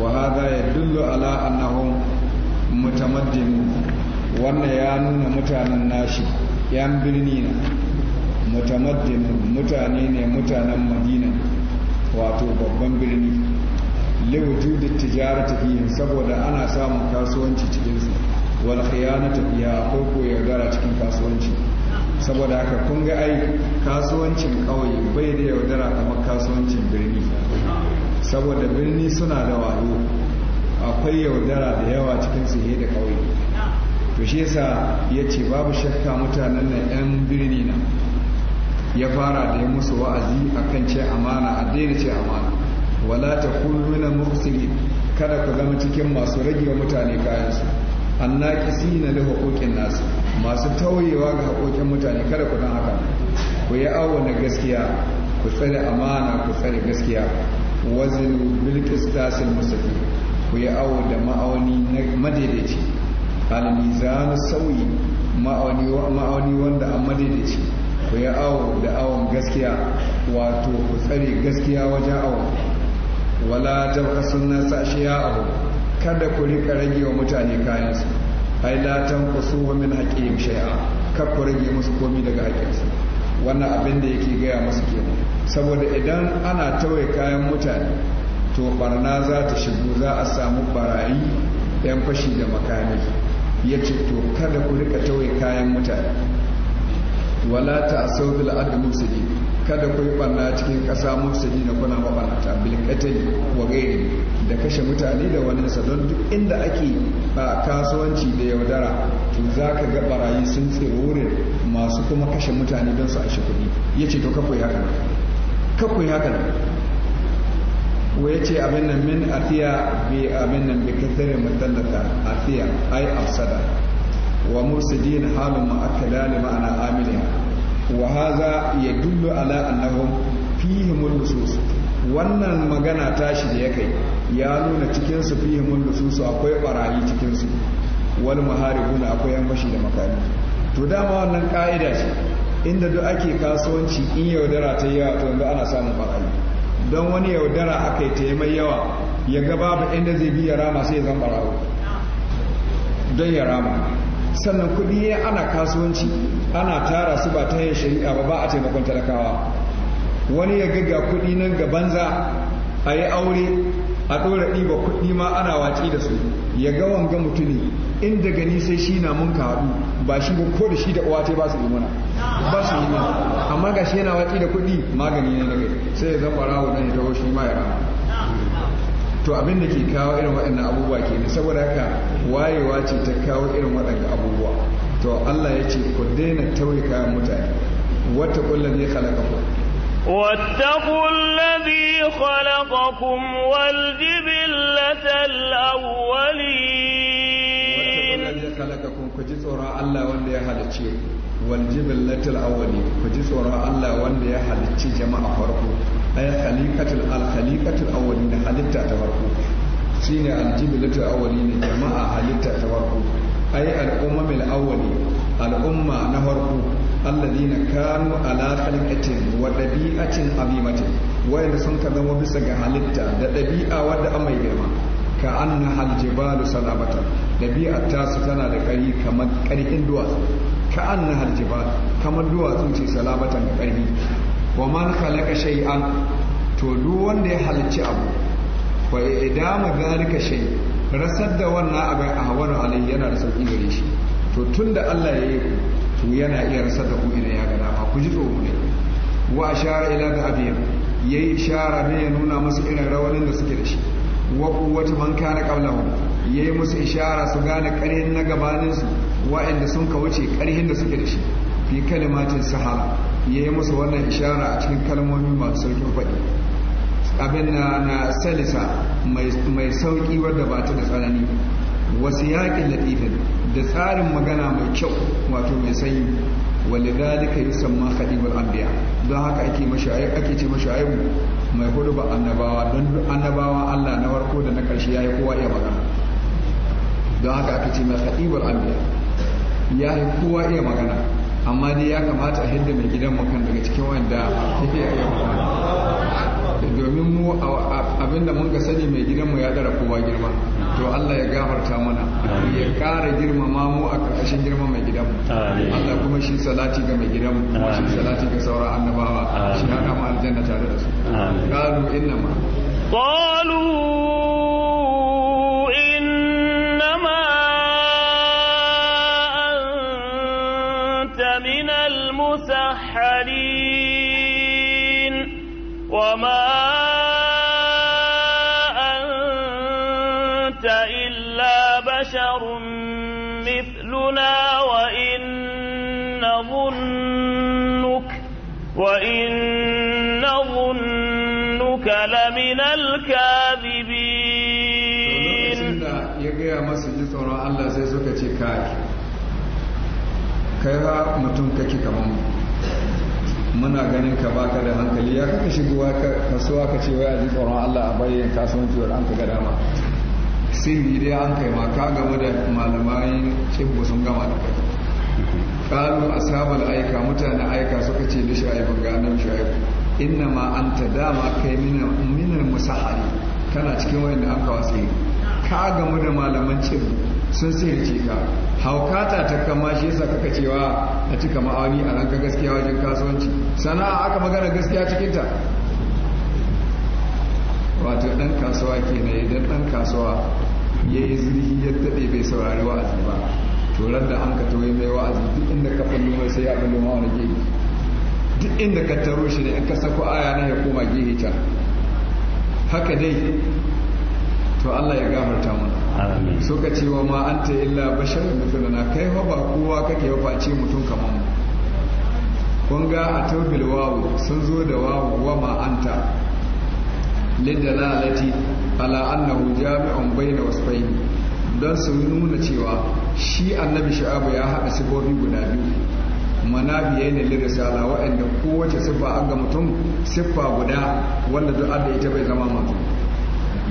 وهذا يدل على أنهم mutamaddin wannan ya nuna mutanen nashi yan birni na mutamaddin mutane ne mutanen madina wato babban birni liwujudin tijara tafiyin saboda ana samun kasuwanci cikinsu wani khiyana tafiya ko ko yaudara cikin kasuwanci saboda haka kun ga ai kasuwancin ƙauye bai da yaudara kamar kasuwancin birni saboda birni suna da wayo akwai yaudara da yawa cikin sihe da kauye to shi yasa ya ce babu shakka mutanen na 'yan birni na ya fara da ya musu wa'azi a kan ce amana a daina ce amana wala ta na mufsiri kada ku zama cikin masu ragewa mutane kayansu an na da haƙoƙin nasu masu tauyewa ga haƙoƙin mutane kada ku dan haka ku yi awwana gaskiya ku tsare amana ku tsare gaskiya wazin bilkis tasir mustaqim ku yi awo da ma'auni madaidaici almizanu sauyi ma'auni wanda a madaidaici ku yi awo da awon gaskiya wato ku tsare gaskiya wajen awon wala jabka sunna sashi ya abu kada ku rika rage wa mutane kayansu ai ku su wa min haqqihim shay'a kar ku rage musu komi daga haƙƙinsu wannan abin da yake gaya musu kenan saboda idan ana tauye kayan mutane to barna za ta shigo za a samu barayi yan fashi da makami ya ce to kada ku rika tawai kayan mutane wala ta asau bil musulmi kada ku yi barna cikin ƙasa musulmi na kuna mabarnata bil wa da kashe mutane da wani sa don duk inda ake ba kasuwanci da yaudara to za ka ga barayi sun tsere wurin masu kuma kashe mutane don su ashe kuɗi yace to kafu ya kana kafu ya wa ce abin nan min asiya bi abin nan bi kasare mutallata asiya ai sada wa mursidin halun mu'akkada li ma'ana amiliha wa hadha yadullu ala annahum fihim nusus wannan magana tashi da ya kai ya nuna cikinsu su fihim nusus akwai barayi cikinsu wani wal muharibuna akwai yan bashi da makami to dama wannan ka'ida inda duk ake kasuwanci in yaudara ta yawa to yanzu ana samun barayi don wani yaudara aka yi taimai yawa ya ga babu inda zai bi ya rama sai ya zan rawo don ya rama sannan kuɗi ya ana kasuwanci ana tara su ba ta yin shari'a ba ba a taimakon talakawa wani ya gaga kuɗi nan ga banza a yi aure a ɗora ɗiba kuɗi ma ana watsi da su ya ga wanga mutumi in daga ni sai shi na mun haɗu ba shi ba ko da shi da uwa ba su yi mana ba su yi muna amma ga shi yana watsi da kuɗi magani ne na gai sai ya zan ɓarawo ɗan ya taho shi ma ya rama to abin da ke kawo irin waɗannan abubuwa ke ne saboda haka wayewa ce ta kawo irin waɗanda abubuwa to Allah ya ce ku daina tauye kayan mutane wata kullum ne kalaka ku واتقوا الذي خلقكم والجبلة الأولين واتقوا الذي خلقكم كجيس وراء الله وان يهل والجبلة الأولين كجيس وراء الله وان يهل جماعة فرقه أي خليقة الخليقة الأولين حلتا تفرقه سين الجبلة الأولين جماعة حلتا تفرقه أي الأمم الأولين الأمة نهرقه الذين كانوا على خلقة ɗabi'acin abimatin wayanda sun ka zama bisa ga halitta da ɗabi'a wadda an mai girma ka an na haljibalu salamatan ɗabi'ar su tana da ƙari kamar ƙarfin duwatsu ka an na haljibalu kamar duwatsu ce salamatar da ƙarfi wa man khalaqa shay'an to duk wanda ya halci abu wa idama zalika shay rasar da wannan abin ahwanu alai yana da sauƙi gare shi to tun da Allah ya yi ku yana iya rasar da ku idan ya gada ma ku ji tsoro ne wa ashara ila da yayi ishara ne ya nuna musu irin rawanin da suke da shi wa quwwatu man kana qablahum yayi musu ishara su gane ƙarhin na gabanin su wa'anda sun ka wuce ƙarhin da suke da shi fi kalimatin sahala yayi musu wannan ishara a cikin kalmomi masu sauƙin faɗi abin na na salisa mai sauƙi wadda ba ta da tsanani wasu yaƙin latifin da tsarin magana mai kyau wato mai sanyi wani zalika yi samma khadimul anbiya don haka ake mashi ake ce mashi mai hudu ba annabawa don annabawa Allah na farko da na karshe yi kowa iya magana don haka ake ce mai khadimul ya yi kowa iya magana amma dai ya kamata a hidda mai gidan makan daga cikin wanda a iya magana domin mu abinda mun ga sani mai gidanmu ya dara kowa girma to Allah ya gafarta mana ya girma girmama mu a ƙarƙashin girma mai gidanmu Allah kuma shi salati ga mai gidanmu shi salati ga sauran annabawa shi hada mu aljanna tare da su ka baka da hankali ya kaka shigowa kasuwa ka ce wai a ji tsoron Allah a bayyana kasuwanci wa an ka ga dama sirri dai an kai ma ka gamu da malamai kibbu sun gama da kai kalu sabon aika mutane aika suka ce da shu'aibu ga nan shu'aibu inna ma ta dama kai minar minal musahari kana cikin da an kawo sirri ka gama da malaman kibbu sun sirri ka haukata ta kama shi yasa kaka cewa a cika ma'auni a ranka gaskiya wajen kasuwanci sana'a aka magana gaskiya cikinta wato dan kasuwa kenan idan dan kasuwa ya yi zirgi ya daɗe bai saurari wa'azi ba turar da an ka toye mai wa'azi duk inda ka fallo mai sai ya fallo ma wani gehe duk inda ka taro shi ne in ka sako aya na ya koma gehe can haka dai to Allah ya gafarta mana suka ce wa ma illa bashar na kai fa ba kowa kake face mutum kamar mu kun a tawbil wawu sun zo da wawu wa ma na lidalalati ala annahu jami'un bayna wasfayn don su nuna cewa shi annabi sha'abu ya haɗa sifofi guda biyu manabiyai ne lirisala waɗanda kowace siffa an ga mutum siffa guda wanda duk da ita bai zama mutum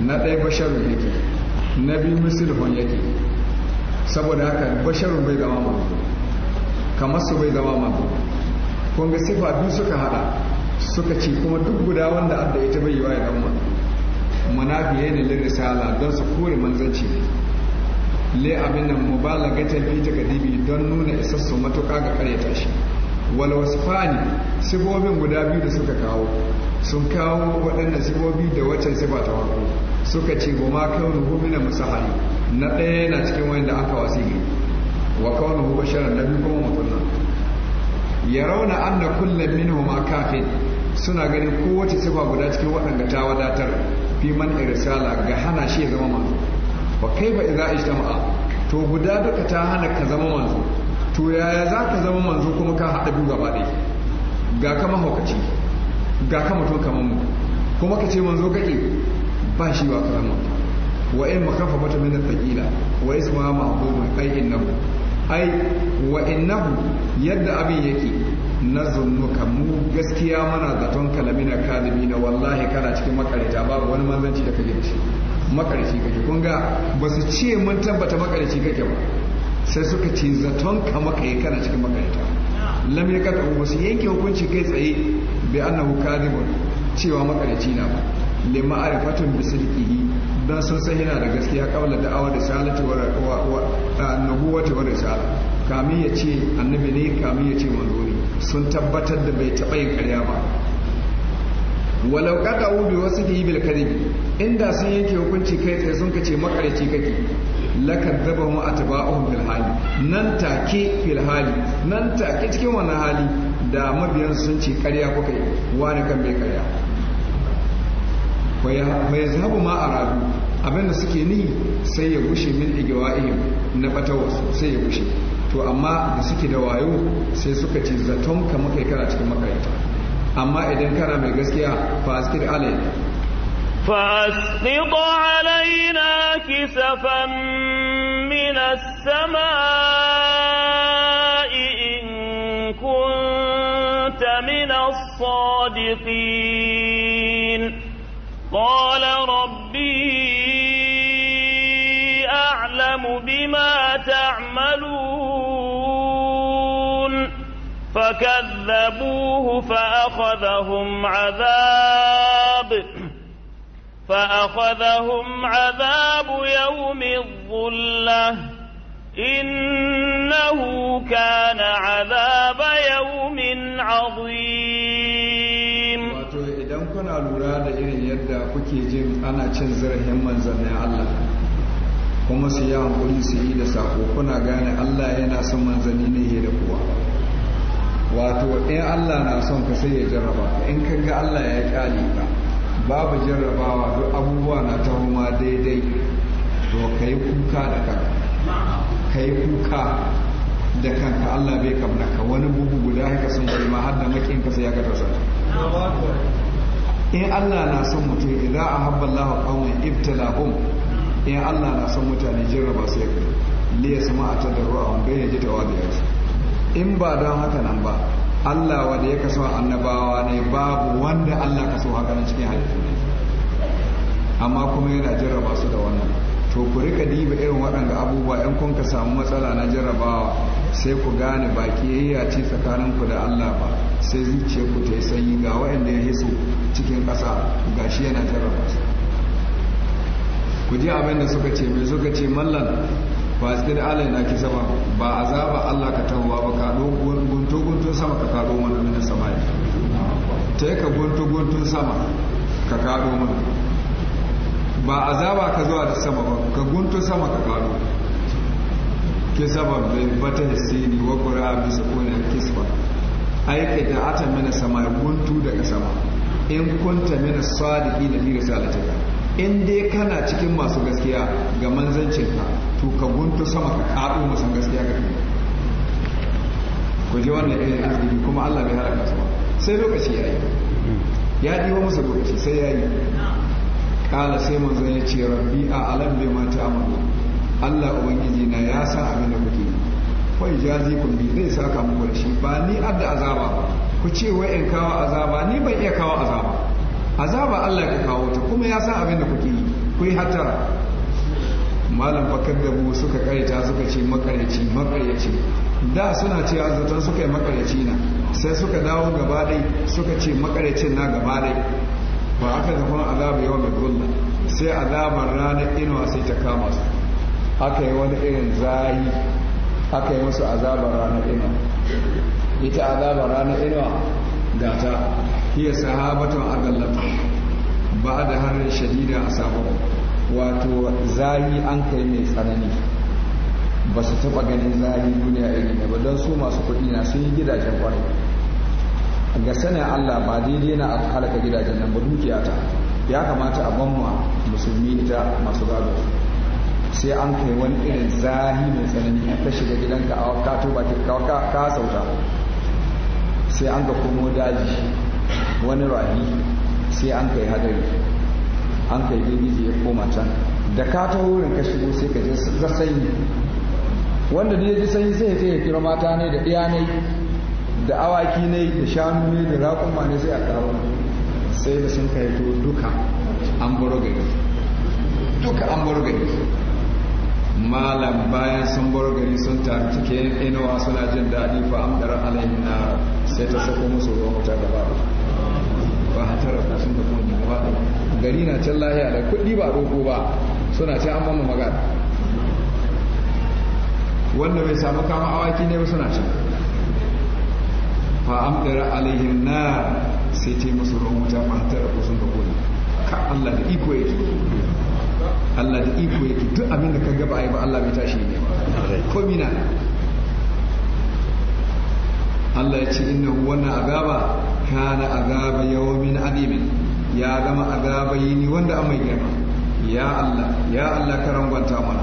na ɗaya ne yake na biyu hon yake saboda haka basharun bai zama manzo kamar su bai zama manzo kun sifa biyu suka hada suka ci kuma duk guda wanda adda ita bai yiwa ya zama manzo munafiye ne lin risala don su kore manzanci ne le abin nan ta fi kadibi don nuna isassu matuƙa ga ƙaryata shi walwasfani sifofin guda biyu da suka kawo sun kawo waɗannan sifofi da waccan zuba ta farko suka ce wa ma mina musa hali na ɗaya yana cikin da aka wasiki wa kaunuhu na biyu kuma mutum ya rauna anna kullum mini ma kafin suna ganin kowace zuba guda cikin waɗanda ta wadatar fi man irisala ga hana shi ya zama manzo ba iza idza ma'a. to guda duka ta hana ka zama manzo to yaya za ka zama manzo kuma ka haɗa biyu gaba ɗaya ga kama haukaci ga ka mutum kamar mu kuma ka ce manzo kake ba shi ba karama wa in makafafata min al-thaqila wa isma mahbubun Ai innahu ai wa innahu yadda abin yake na kamu mu gaskiya mana zaton kalamina kalibi na wallahi kana cikin makarita babu wani manzanci da kake da shi kake kun ga ba su ce mun tabbata makarici kake ba sai suka ce zaton ka makaye eh, kana cikin makarita lam ya kada ba su yanke hukunci kai tsaye bi annahu kadibun cewa makarici na ba li ma'rifatun bi sidqihi dan sun sai yana da gaskiya kaula da awar da salati wa nubuwati wa risala kamin ya ce annabi ne kamin ya ce manzo ne sun tabbatar da bai taɓa yin ƙarya ba walau kada bi wasu ke yi bil inda sun yanke hukunci kai tsaye sun kace makarici kake lakar zaba mu a hali nan take fil hali nan take cikin wannan hali da mabiyan sun ce karya kuka yi wani kan bai karya bai zahabu ma a rabu abinda suke ni sai ya gushe min iya na batawa sai ya gushe to amma da suke da wayo sai suka ce zaton ka muka kana cikin makaranta amma idan kana mai gaskiya fa askir alai فأسقط علينا كسفا من السماء الصادقين قال ربي أعلم بما تعملون فكذبوه فأخذهم عذاب فأخذهم عذاب يوم الظلة إنه كان عذاب يوم عظيم kuma su yi hankuri su yi da sako kuna gane Allah yana son manzanni ne ya da kowa wato in Allah na son ka sai ya jarraba in ka ga Allah ya kyale ka babu jarrabawa duk abubuwa na ta ma daidai to ka yi kuka da kanka ka yi kuka da kanka Allah bai kamna ka wani bugu guda haka sun kai ma har da makin ka sai ya gata sana in Allah na son mutum idan ahabba Allah qauman ibtalahum in Allah na son mutane jarraba sai ka li ta da ruwa wanda ya ji da tawadiyarsu in ba don haka nan ba Allah wanda ya kaso annabawa ne babu wanda Allah kaso haka na cikin halittu ne amma kuma yana jarraba su da wannan to ku rika diba irin waɗanda abubuwa in kun ka samu matsala na jarrabawa sai ku gane ba kiyayya ce tsakanin ku da Allah ba sai ku ta yi sanyi ga waɗanda ya hiso cikin ƙasa gashi yana jarraba su ku ji abin da suka ce mai suka ce mallan ba tsir alai na kisa ba ba azaba Allah ka tawa ba ka do gunto guntun sama ka kado mana min sama ta yi ka gunto guntun sama ka kado mana ba a azaba ka zuwa da sama ba ka gunto sama ka kado ke sabab bai bata hisini wa qura'a bi sukuni kisba ka da ata mana sama ya guntu daga sama in kunta min sadiqina hira risalatika in dai kana cikin masu gaskiya ga manzancinka to ka guntu sama ka kaɗo masu gaskiya ga kuma ku ji wannan irin arziki kuma Allah bai halaka su ba sai lokaci ya yi ya ɗiwa musu lokaci sai ya yi ƙala sai manzon ya ce rabbi a alam bai mata amalu Allah ubangiji na ya san abin da kuke yi wai jazi kun bi zai saka muku da shi ba ni adda azaba ku ce wai in kawo azaba ni ban iya kawo azaba azaba Allah ya kawo ta kuma ya san abin da kuke yi ku yi malam fakar gabu suka ta suka ce makaryaci makaryaci da suna ce azatan suka yi makaryaci na sai suka dawo gaba dai suka ce makaryacin na gaba dai ba aka kuma azaba yawa mai gulla sai azabar ranar inuwa sai ta kama su aka yi wani irin zahi aka yi musu azabar ranar inuwa ita azabar ranar inuwa gata hiya sahabatun agallatu ba da harin shadida a sabon wato zari an kai mai tsanani ba su taɓa ganin zari duniya irin ba don su masu kuɗi na sun yi gidajen kwarai ga sanin allah ba daidai na alƙalaka gidajen nan ba dukiya ta ya kamata a banma musulmi ita masu gado sai an kai wani irin zahi mai tsanani ka shiga gidanka a ka ba ka sauta sai an ga komo daji wani rani sai an kai hadari an kai girgije ya koma can da ka ta wurin ka shigo sai ka ji sanyi wanda da ya ji sanyi sai ya ya kira mata ne da ɗiya ne da awaki ne da shanu ne da raƙuma ne sai a kawo sai da sun kai to duka an baro gari duka an baro gari malam bayan sun baro gari sun taru cike inuwa suna jin daɗi fa amdara alaihin na sai ta sako musu ruwan wuta gaba ba hatar rafu sun da kuma gaba gari na can lahiya da kuɗi ba roƙo ba suna ce an mamma magana wanda bai samu kama awaki ne ba suna ce fa amdara alaihim na sai ce musu ruwan wuta ma hatar rafu sun da kuma ka Allah da iko yake Allah da iko yake duk abin da ka gaba yi ba Allah bai tashi ne ba komina Allah ya ce innahu wannan kana yawmin adimin ya zama azaba yini wanda an mai girma ya Allah ya Allah ka rangwanta mana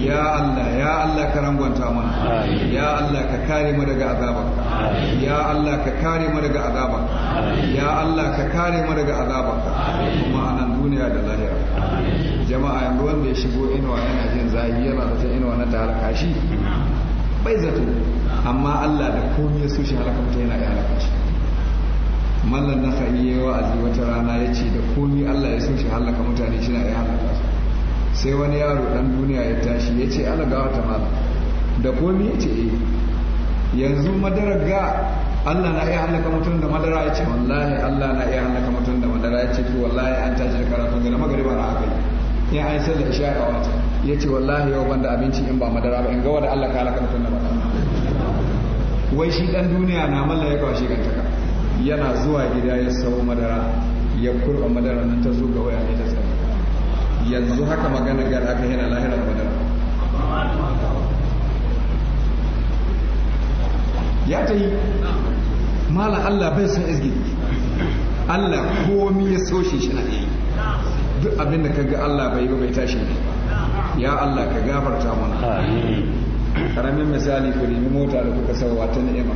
ya Allah ya Allah ka rangwanta mana ya Allah ka kare mu daga azaba ya Allah ka kare mu daga azaba ya Allah ka kare mu daga azaba kuma anan duniya da lahira jama'a yanzu wanda ya shigo inuwa yana jin zahiri yana da inuwa na ta bai zato amma Allah da komai ya so shi halaka mutum yana iya halaka mallan na kai yayi wa'azi wata rana ya ce da komai Allah ya so shi halaka mutane shi na iya halaka su sai wani yaro dan duniya ya tashi ya ce ana ga wata mala da komai ya ce eh yanzu madara ga Allah na iya halaka mutum da madara ya ce wallahi Allah na iya halaka mutum da madara ya ce to wallahi an tashi da karatu da magariba na haka ya an sai da isha'i a wata ya ce wallahi yau ban da abinci in ba madara ba in ga wanda Allah ka halaka mutum da madara wai shi dan duniya na mallaka ya kawo ka yana zuwa gida ya sau madara ya kurba madara nan ta zo ga waya ne ta tsaye yanzu haka magana ga aka yana lahirar madara ya ta yi mala Allah bai san izgi Allah komi ya soshe shi na yi duk abinda kaga Allah bai yi ba bai tashi ne ya Allah ka gafarta mana karamin misali ku nemi mota da kuka sauwa ta ni'ima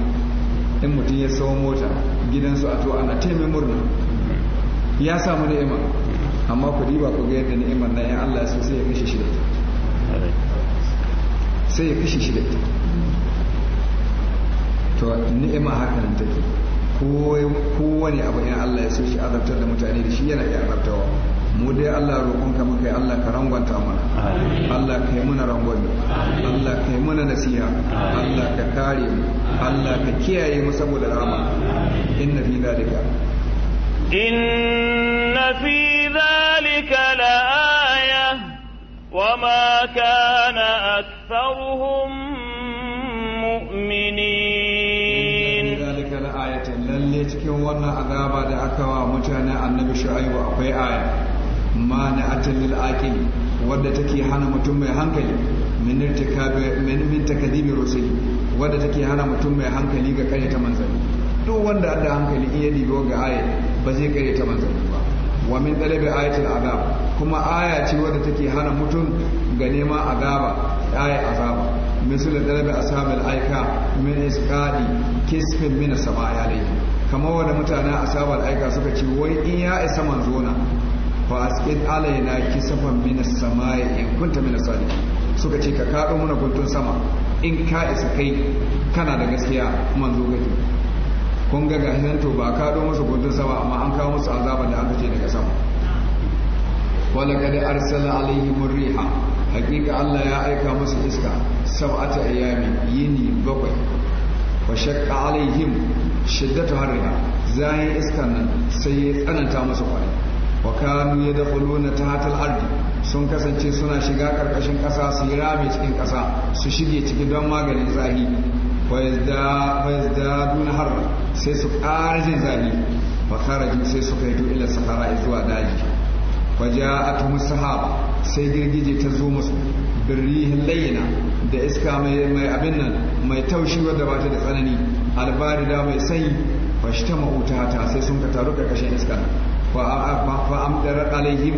in mutum ya sawo mota gidansu a to ana taimai murna ya samu ni'ima amma ku diba ku ga yadda ni'imar na 'yan Allah so sai ya kashe shi da ita sai ya kashe shi da ita to ni'ima haka nan take kowane abu 'yan Allah ya so shi azabtar da mutane da shi yana iya azabtawa mu dai Allah roƙonka muka yi Allah ka rangwanta mana Allah ka yi muna rangwami Allah ka yi muna nasiha Allah ka kare mu Allah ka kiyaye mu saboda rama inna fi dalika inna fi dalika la aya wa ma kana aktharuhum mu'minin dalika la ayatin lalle cikin wannan azaba da aka wa mutane annabi shu'aibu akwai aya mani atalil aqili wadda take hana mutum mai hankali min irtikabi min takdibi rusuli wadda take hana mutum mai hankali ga kare ta manzanni duk wanda da hankali iya ya ga aya ba zai kare ta manzanni ba wa min talabi ayatul azab kuma aya ce wadda take hana mutum ga neman azaba aya azaba misal talabi ashabil aika min isqadi kisfin min samaa'i alayhi kamar wanda mutanen asabar aika suka ce wai in ya isa manzona fa asqit alaina kisafan minas samai in kunta minas sani, suka ce ka kaɗo mana guntun sama in ka isa kai kana da gaskiya zo gaji. kun ga ga to ba kaɗo musu guntun sama amma an kawo musu azaba da aka ce daga sama wala kad arsala alaihim riha hakika Allah ya aika musu iska sab'ata ayami yini bakwai wa shaqqa alaihim shiddatu harriha zai iskan nan sai ya tsananta musu kwarai wa kanu yadkhuluna ta al-ardi sun kasance suna shiga karkashin kasa su yi rami cikin kasa su shige ciki don maganin zahi wa yazdaduna har sai su ƙara zahi wa kharaju sai su kai ila sahara zuwa daji wa ja'atuhum sahaba sai girgije ta zo musu birrihin layyina da iska mai abin nan mai taushi wadda ba ta da tsanani albarida mai sanyi fashtama utata sai sun ka taru karkashin iska fa'amdara alaihim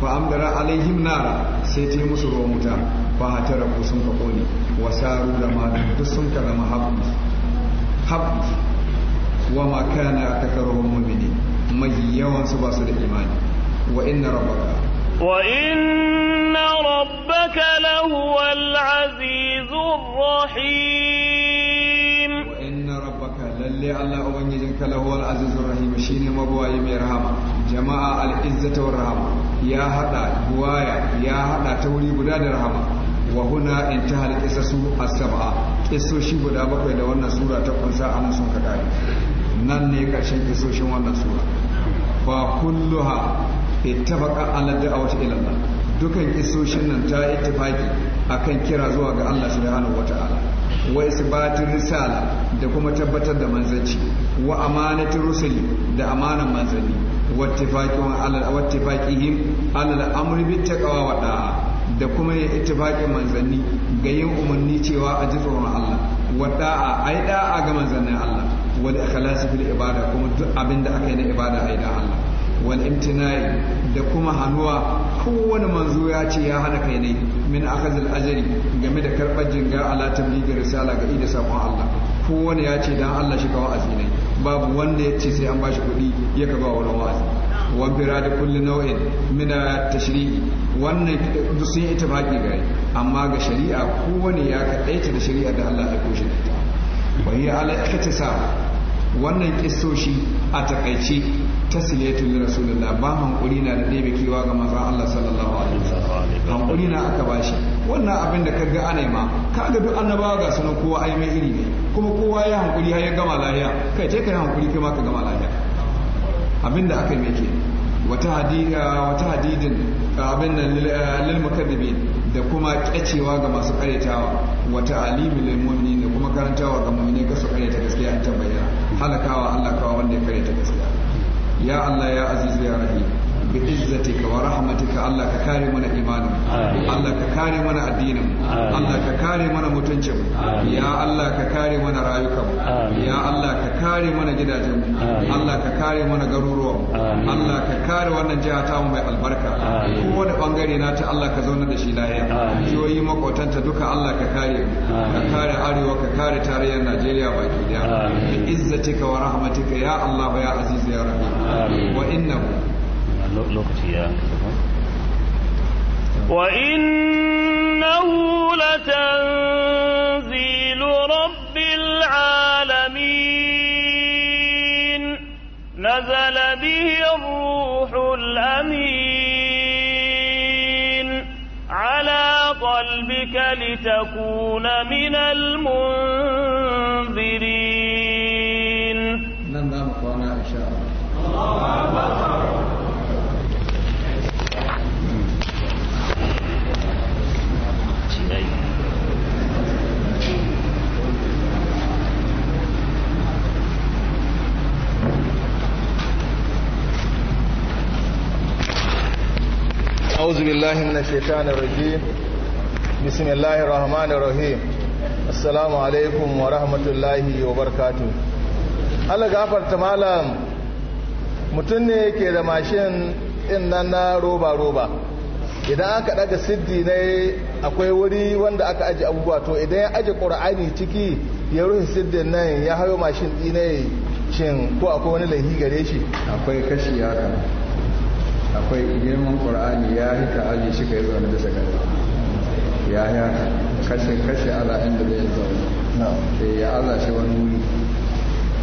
fa'amdara nara sai ta yi musu ruwan wuta ba a tara ko sun ka kone wasaru da ma duk sun ka zama haɓu wa ma kana aka mummini mai yawansu ba su da imani wa inna rabbaka wa inna rabbaka lahuwal azizur rahim wa inna rabbaka lalle Allah ubangijinka lahuwal azizur rahim shine mai rahama jama'a al'izzata wa rahama ya hada buwaya ya hada ta wuri guda da rahama wa huna in ta hal Su as-sab'a kisoshi guda bakwai da wannan sura ta kunsa an sun ka kare nan ne karshen kisoshin wannan sura fa kulluha ittabaqa ala da'awati ila Allah dukan kisoshin nan ta ittifaki akan kira zuwa ga Allah subhanahu ta'ala wa isbatir risala da kuma tabbatar da manzanci wa amanatu rusuli da amanan manzanni wattifaqihim ala wattifaqihim ala amri taqwa wa da'a da kuma ya ittifaqin manzanni ga yin umarni cewa a ji tsoron Allah wa da'a ai da'a ga manzannin Allah wal ikhlasu fil ibada kuma duk abin aka yi na ibada ai da Allah wal imtinai da kuma hanuwa kowane manzo ya ce ya hana kai ne min akhazil ajri game da karbar jinga ala tablighi risala ga ida sabon Allah kowane ya ce dan Allah shi ka wa'azi babu wanda ya ce sai an bashi kuɗi ya ka wani wa'azi wa bira da kulli nau'in mina tashri'i wannan duk sun yi baki gari amma ga shari'a kowane ya kaɗaita da shari'a da Allah ya koshe ta wa hiya ala sa wannan kistoshi a takaici tasilatu li rasulillah ba hankuri na da ɗebe kewa ga manzon Allah sallallahu alaihi wasallam hankuri na aka bashi wannan abin da kaga ana ma kaga duk annabawa ga sunan kowa ai mai iri ne kuma kowa ya hankuri har ya gama lahiya kai ce kai hankuri kai ma ka gama lahiya abin da aka yi ke ah, wata hadidin ah, abin nan lil ah, da kuma kyacewa ga masu karyatawa wata alimu lil mu'minin da kuma karantawa ga mu'mini ka su karyata gaskiya an tabbayar halakawa Allah kawa wanda ya kare ta gaskiya ya Allah ya aziz ya rahim bi izzatika wa rahmatika Allah ka kare mana imanin Allah ka kare mana addinin Allah ka kare mana mutuncin ya Allah ka kare mana rayukan ya Allah ka kare mana gidajen Allah ka kare mana garuruwan Allah ka kare wannan jiha ta mai albarka kowane bangare na ta Allah ka zauna da shi lahiya jihohi makotanta duka Allah ka kare ka kare arewa ka kare tarayyar Najeriya baki daya bi izzatika wa rahmatika ya Allah ya aziz ya rahim wa innahu لوكتي وإنه لتنزيل رب العالمين نزل به الروح الأمين على قلبك لتكون من المنذرين أعوذ بالله من الشيطان الرجيم بسم الله الرحمن الرحيم السلام عليكم ورحمة الله وبركاته ألا malam mutum ne yake da mashin روبا na idan aka daga siddi ne akwai wuri wanda aka aji abubuwa to idan ya aji ƙura'ani ciki ya rufe siddin nan ya hayo mashin ɗi ne shin ko akwai wani laifi gare shi akwai kashi ya akwai girman ƙur'ani ya yi ka shi ka yi zaune da gari ya ya kashe kashe ala inda zai zaune eh, ya aza shi wani wuri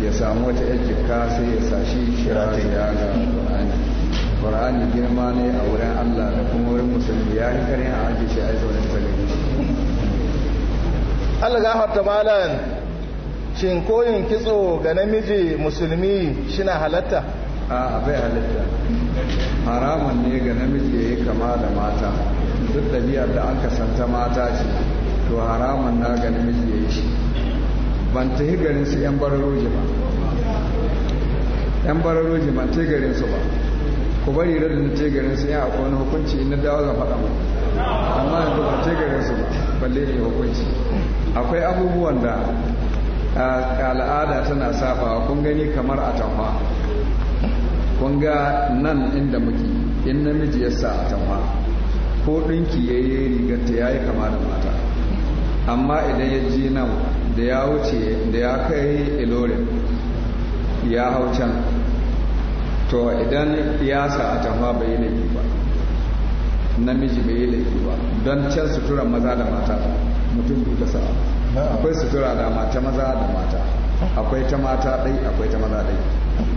ya samu wata yake jikka sai ya sa shi ya ga ƙur'ani ƙur'ani girma ne a wurin allah da kuma wurin musulmi ya yi karin a aji shi a yi zaune bisa gari allah gafarta malam shin koyin kitso ga namiji musulmi na halatta a bai halitta haramun ne ga namiji ya yi kama da mata duk ɗabi'ar da an kasanta mata ce to haramun na ga namiji ya yi shi ban ta yi garin su 'yan bararoji ba 'yan bararoji ban ta yi garin su ba ku bari rada na ce garin su 'yan akwai wani hukunci na dawo zan faɗa mu amma yanzu ban ta yi garin su ba balle ne hukunci akwai abubuwan da al'ada tana sabawa kun gani kamar a tafa kun ga nan inda muke in namiji ya sa a tamma ko ɗinki ya yi rigarta ya yi kama da mata amma idan ya ji nan da ya wuce da ya kai ilorin ya hau can to idan ya sa a tamma bai yi laifi ba namiji bai yi laifi ba don can sutura maza da mata mutum ta sa akwai sutura da mata maza da mata akwai ta mata ɗai akwai ta maza ɗai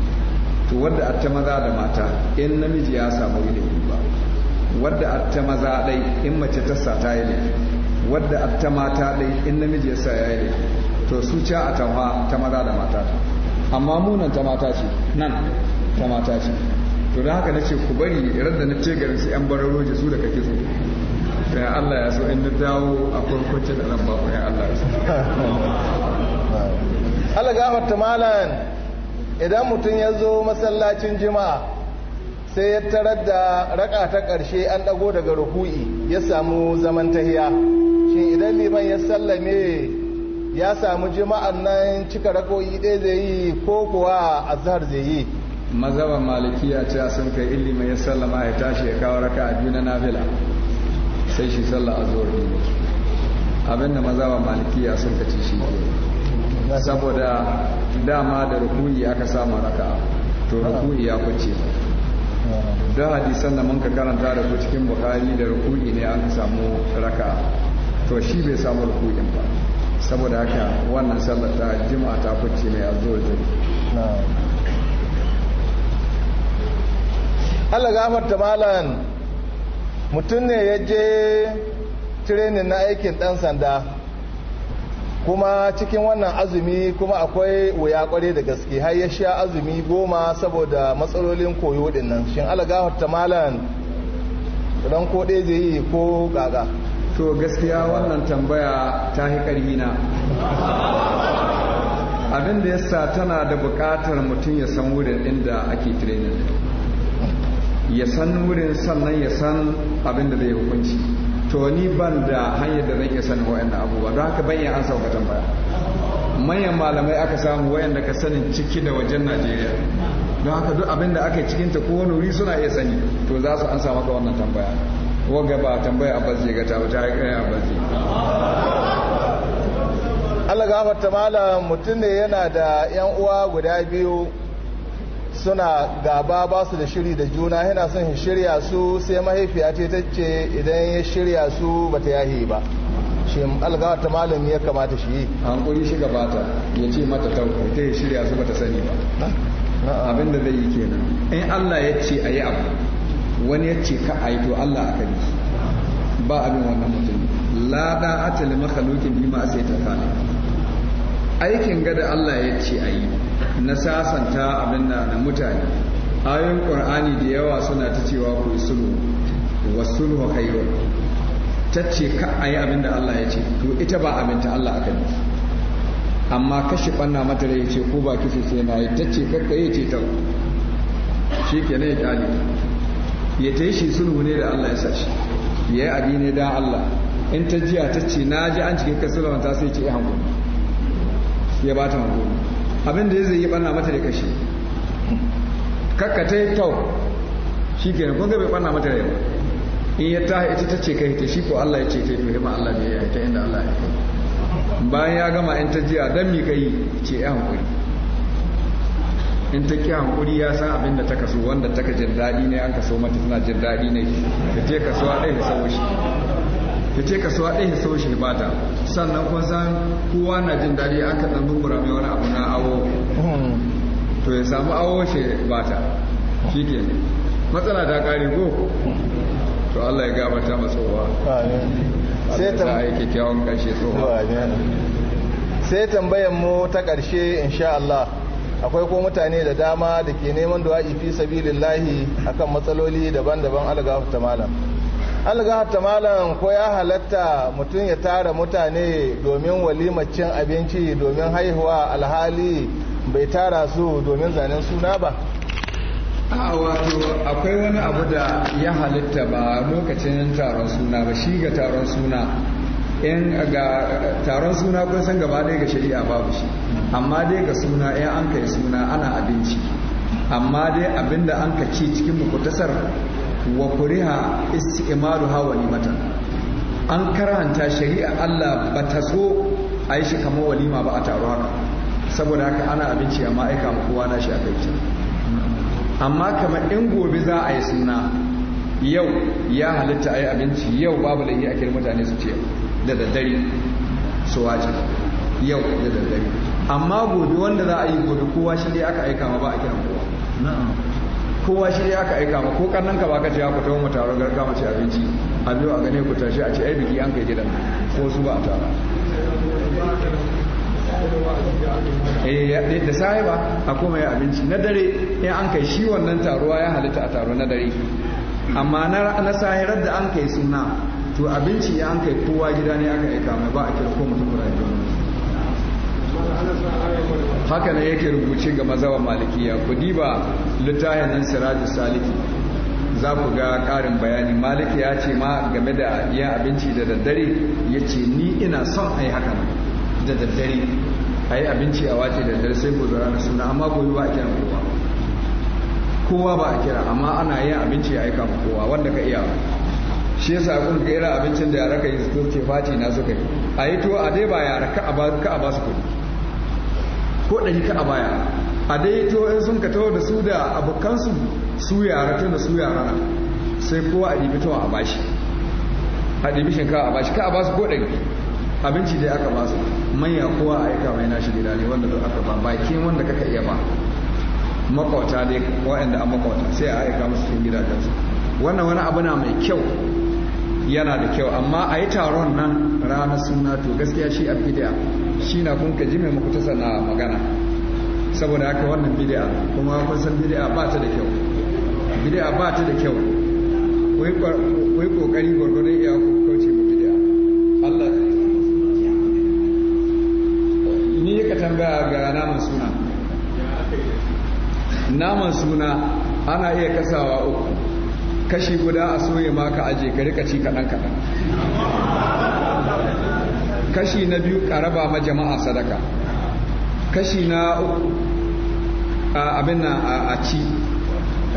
to wadda atta maza da mata in namiji ya samu yi laifi ba wadda atta maza dai in mace ta sa ta yi laifi wadda atta mata dai in namiji ya sa ya yi laifi to su ca a tamwa ta maza da mata amma munan ta mata ce nan ta mata ce to da haka nace ku bari da na ce garin su yan bararoje su da kake so sai Allah ya so in na dawo a kurkuce da nan ba ku ya Allah ya so Allah gafarta malam idan mutum ya zo masallacin jima'a sai ya tarar da raka ta ƙarshe an ɗago daga ruku'i ya samu zaman tahiya shi idan liman ya sallame ya samu jima'an nan cika rakoyi ɗaya zai yi ko kuwa azhar zai yi mazhaban malikiya ce sun kai ilima ya sallama ya tashi ya kawo raka a biyu na nafila sai shi sallah azhar ne abinda mazhaban malikiya sun kaci shi ke saboda dama da rukuni aka samu raka to ah. rukuni ya kwace don hadisan da mun ka karanta da ku cikin bukari da rukuni ne an samu raka to shi bai samu rukuni ba saboda haka wannan sallar ta jima'a ta kwace mai azuwa zai Allah malam mutum ne ya je tirenin na aikin dan sanda kuma cikin wannan azumi kuma akwai wuya kware da gaske har ya sha azumi goma saboda matsalolin koyo din nan shin alagahar ta malan dan ko ɗaya zai yi ko gaga to gaskiya wannan tambaya ta yi ƙarfi na abin da yasa tana da buƙatar mutum ya san wurin inda ake training ya san wurin sannan ya san abin da zai hukunci to ni ban da hanyar da zan iya sanin da abubuwa don haka ban an sauka tambaya manyan malamai aka samu wa'anda ka sanin ciki da wajen najeriya don haka duk abin da aka yi cikin ta kowane wuri suna iya sani to za su an sa maka wannan tambaya wanga ba tambaya a bazze ga ta ta kai a bazze Allah gafarta malam mutum ne yana da yan uwa guda biyu suna gaba ba su da shiri da juna yana son ya shirya su sai mahaifiya ce ta ce idan ya shirya su ba ta yahi ba shi algawa ta malami ya kamata shi An kuri shi gabata ya ce mata ta ta ya shirya su ba ta sani ba abin da zai yi kenan in allah ya ce a yi abu wani ya ce ka a yi to allah aka yi ba abin wannan mutum lada atali makalukin bima sai ta kane aikin gada allah ya ce a yi na sasanta abin da na mutane ayoyin ƙur'ani da yawa suna ta cewa ku yi sulhu wa sulhu kayo ta ce ka a yi abin da Allah ya ce to ita ba abin ta Allah aka nufi amma kashi ɓanna mata da ya ce ko ba kisa sai na yi ta ce kakka ya ce ta shi ke na ya ƙyale ya ta yi shi sulhu ne da Allah ya sa shi ya yi abi ne don Allah in ta jiya ta ce na ji an cikin kasulawanta sai ce ya hankali ya ba ta hankali abin da zai yi banna mata da kashi kakkata tau shi ke kun ga bai banna mata da yawa in ya taha ita ta ce kai ta shi ko Allah ya ce ta yi ma Allah ya ya ta inda Allah ya yi bayan ya gama in ta jiya don mi kai ce ya hankuri in ta ki hankuri ya san abin da ta kaso wanda ta ka jin daɗi ne an kaso mata tana jin daɗi ne ta je a ɗaya da sawo shi ya ce ka kasuwa ɗaya sau shi bata sannan kun san kowa na jin daɗi an ka ɗan bumbura mai wani abu na awo to ya samu awo shi bata shi ke matsala ta ƙari ko to Allah ya gabata matsowa sai ta yi kyakkyawan ƙarshe tsowa sai tambayan mu ta ƙarshe insha Allah akwai ko mutane da dama da ke neman du'a fi sabilillahi akan matsaloli daban-daban algafu ta malam algahata malam ko ya halatta mutum ya tara mutane domin walimacin abinci domin haihuwa alhali bai tara su domin zanen suna ba a wato akwai wani abu da ya halitta ba lokacin taron suna ba shi ga taron suna in ga taron suna kun san gaba ɗaya ga shari'a babu shi amma dai ga suna in an kai suna ana abinci amma dai abinda an ka ci cikin mukutasar wa kuriha istimaru hawa mata an karanta shari'a Allah ba ta so a yi shi kamar walima ba a taro haka saboda haka ana abinci amma aika ma kowa na shi a kai amma kamar in gobe za a yi suna yau ya halitta a yi abinci yau babu laifi a kira mutane su ce da daddare su wace yau da daddare amma gobe wanda za a yi gobe kowa shi ne aka aika ma ba a kiran kowa kowa shi aka aika ma ko kannan ka baka ce ya fito mu taron garka mu ci abinci a biyo a gane ku tashi a ce ai biki an kai gidan ko su ba a tara eh da sai ba a kuma ya abinci na dare in an kai shi wannan taruwa ya halitta a taro na dare amma na sahirar da an kai suna to abinci ya an kai kowa gida ne aka aika mai ba a kira ko mutum ra'ayi haka ne yake rubuce ga mazawa malikiya ku diba littafin nan sirajus saliki za ku ga ƙarin bayani maliki ya ce ma game da yin abinci da daddare ya ce ni ina son a yi haka da daddare a yi abinci a wace da daddare sai gozara na suna amma goyi ba a kira kowa kowa ba a kira amma ana yin abinci a aika kowa wanda ka iya shi yasa kun ga irin abincin da yara ka yi su ce fati na suka yi a yi tuwa a dai ba yara ka a ba su kuɗi ko ɗari ka a baya a dai to in sun ka taho da su da abokansu su yara tun da su yara na sai kowa a ɗibi tawa a bashi a ɗibi shinkawa a bashi ka a basu ko ɗari abinci dai aka basu manya kowa a aika mai nashi da ne wanda duk aka ba bakin wanda kaka iya ba makwata dai wa'anda a makwata sai a aika musu cikin gidajensu wannan wani abu na mai kyau yana da kyau amma a yi taron nan ranar suna to gaskiya shi a bidiya shi na kun kaji mai makutasa na magana saboda haka wannan bidiya kuma kun san bidiya ba ta da kyau bidiya ba ta da kyau wai kokari gwargwadon iya kauce mu bidiya Allah ni ka tambaya ga naman suna naman suna ana iya kasawa uku kashi guda a soye ma ka aje ka rika ci kaɗan kaɗan kashi na biyu ka raba ma jama'a sadaka kashi na uku abin na a ci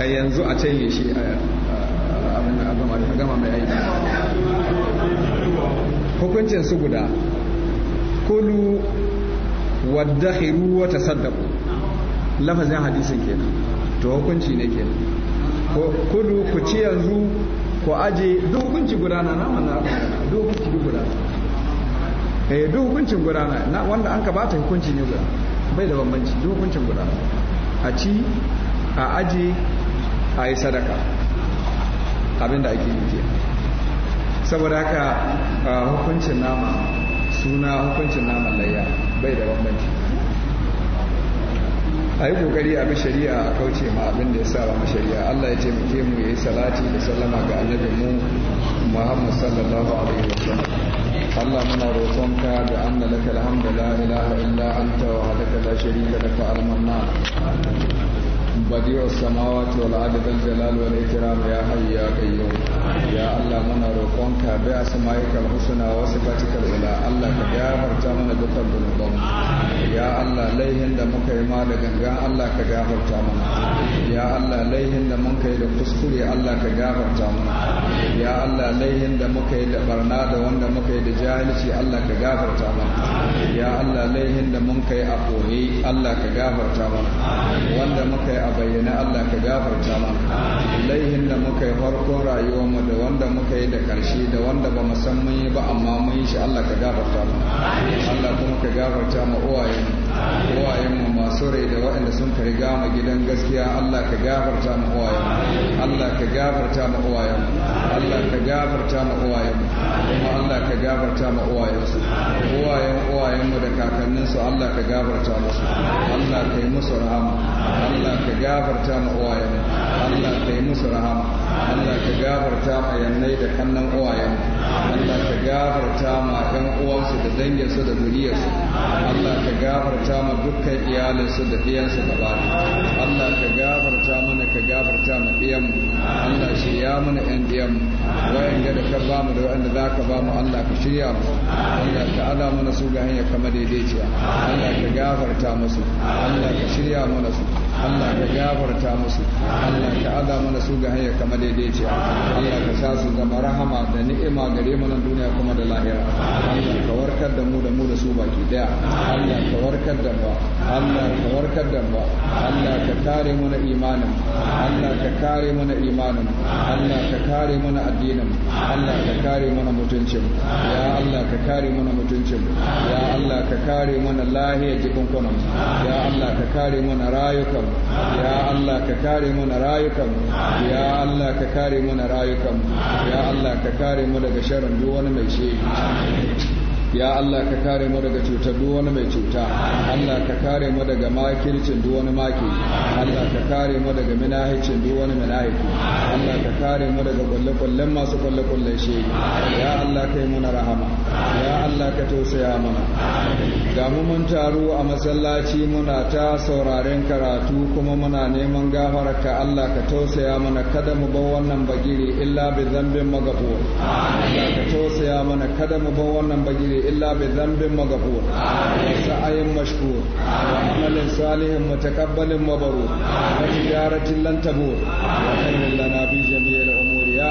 yanzu a canye shi a gama mai aiki hukuncin su guda kulu wadda hiru wata saddaku lafazin hadisin kenan to hukunci ne kenan kudu ku ci yanzu ku aje duk hukunci gudana na mana duk hukunci gudana eh duk hukuncin gudana na wanda an ka bata hukunci ne guda bai da bambanci duk hukuncin gudana a ci a aje a yi sadaka abinda ake yi saboda haka hukuncin nama suna hukuncin naman layya bai da bambanci a yi kokari a bi shari'a a kauce ma abin da ya sa ma shari'a Allah ya ce mu ke mu yi salati da salama ga annabi mu Muhammad sallallahu alaihi wa sallam Allah muna roƙonka da anna laka alhamdu la ilaha illa anta wa hadaka la sharika laka al بديع السماوات والارض ذو الجلال والاكرام يا حي يا قيوم يا الله منا روقونك باسمائك الحسنى وصفاتك الاولى الله كغفرت منا دكان ذنوبنا يا الله ليهن da muka yi ma da gangan Allah ka gafarta mana ya Allah laihin da muka yi da kuskure Allah ka gafarta mana ya Allah laihin da muka da barna da wanda muka yi da jahilci Allah ka gafarta mana ya Allah da a Allah ka mana wanda muka a a bayyana Allah ka gafarta mana laihin da muka yi farkon rayuwarmu da wanda muka yi da karshe da wanda ba san mun yi ba amma mun yi shi Allah ka gafarta mana Allah kuma ka gafarta ma uwayenmu uwayenmu masu rai da waɗanda sun ka riga mu gidan gaskiya Allah ka gafarta mu uwayenmu Allah ka gafarta mu uwayenmu Allah ka gafarta mu uwayenmu kuma Allah ka gafarta mu uwayensu uwayen uwayenmu da kakanninsu Allah ka gafarta musu Allah ka yi musu rahama Allah ka gafarta mu uwayenmu Allah ka yi musu rahama Allah ka gafarta mu yannai da kannan uwayenmu Allah ka gafarta mu yan uwansu da danginsu da zuriyarsu Allah ka gafarta gafarta ma dukkan iyalinsu da ɗiyansu ba Allah ka gafarta mana ka gafarta ma ɗiyanmu Allah shirya mana ƴan ɗiyanmu wa'anda da ka ba mu da wa'anda za ka ba mu Allah ka shirya mu Allah ka ala mana su ga hanya kamar daidaiciya Allah ka gafarta musu Allah ka shirya mana su Allah ka gafarta musu Allah ka aza mana su ga kamar kama ce. Allah ka sa su zama rahama da ni'ima gare mu nan duniya kuma da lahira Allah ka warkar da mu da mu da su baki daya Allah ka warkar da ba. Allah ka warkar da ba. Allah ka kare mu na imanin Allah ka kare mu na imanin Allah ka kare mu na addinin Allah ka kare mu na mutuncin ya Allah ka kare mu na mutuncin ya Allah ka kare mu na lahiyar jikunkunan ya Allah ka kare mu na rayukan ya Allah ka kare mu na rayukan ya Allah ka kare mu na rayukan ya Allah ka kare mu daga sharrin duk wani mai shiri ya Allah ka kare mu daga cutar duk wani mai cuta Allah ka kare mu daga makircin duk wani maki Allah ka kare mu daga minahicin duk wani minahiki Allah ka kare mu daga kullakullen masu kullakullen shi ya Allah kai na rahama ya Allah ka tausaya mana da mu mun taru a masallaci muna ta sauraren karatu kuma muna neman gafararka Allah ka tausaya mana kada mu bar wannan bagire illa bi zambin magafur Allah ka tausaya mana kada mu bar wannan bagire إلا بذنب مغفور سعي مشكور عمل صالح متقبل مبرور وتجارة لن تبور خير لنا في جميع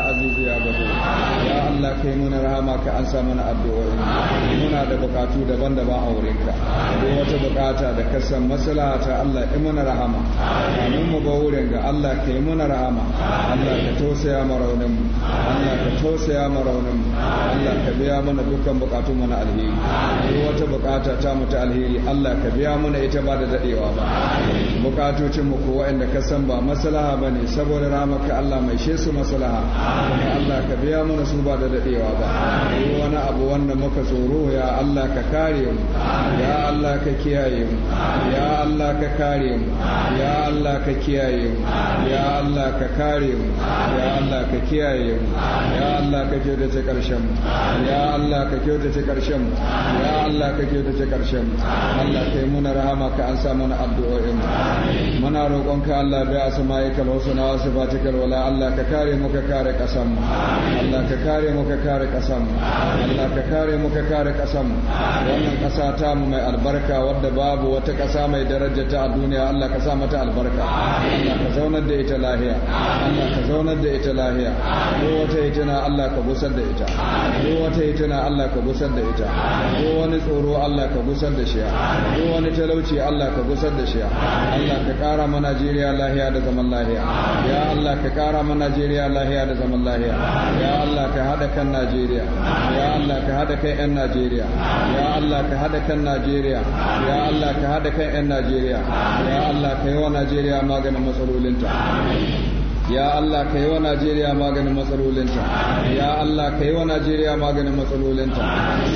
azizu ya gado ya Allah kai muna rahama ka an sa mana addu'o'in muna da bukatu daban-daban a wurin ka duk wata bukata da ka san maslahata Allah kai muna rahama amin mu ba wurin ga Allah kai muna rahama Allah ka tausaya mu raunin mu Allah ka tausaya mu raunin mu Allah ka biya mana dukkan bukatun mu na alheri duk wata bukata ta mu ta alheri Allah ka biya mana ita ba da dadewa ba bukatocinmu ko waɗanda ka san ba maslaha ba ne saboda ramaka Allah mai she su maslaha kuma Allah ka biya mana su ba da daɗewa ba ko wani abu wanda muka tsoro ya Allah ka kare mu ya Allah ka kiyaye mu ya Allah ka kare mu ya Allah ka kiyaye mu ya Allah ka kare mu ya Allah ka kiyaye mu ya Allah ka kyauta ta karshen mu ya Allah ka kyauta ta karshen mu ya Allah ka kyauta ta karshen mu Allah kai muna rahama ka an sa mana addu'o'in mu muna roƙonka Allah bai asma'ika al-husna wa sifatika al-wala Allah ka kare mu ka kare kasam Allah ka kare mu ka kare kasam Allah ka kare mu ka kare kasam wannan ƙasa ta mu mai albarka wadda babu wata ƙasa mai daraja ta a duniya Allah ka sa mata albarka Allah ka zaunar da ita lahiya Allah ka zaunar da ita lahiya ko wata hitina Allah ka gusar da ita ko wata hitina Allah ka gusar da ita ko wani tsoro Allah ka gusar da shi ko wani talauci Allah ka gusar da shi Allah ka kara ma Najeriya lahiya da zaman lahiya ya Allah ka kara ma Najeriya lahiya da zaman lahiya ya Allah ka hada kan Najeriya ya Allah ka hada kan yan Najeriya ya Allah ka hada kan Najeriya ya Allah ka hada kan yan Najeriya ya Allah ka yi wa Najeriya maganin matsalolinta amin ya Allah ka yi wa Najeriya maganin matsalolinta ya Allah ka yi wa Najeriya maganin matsalolinta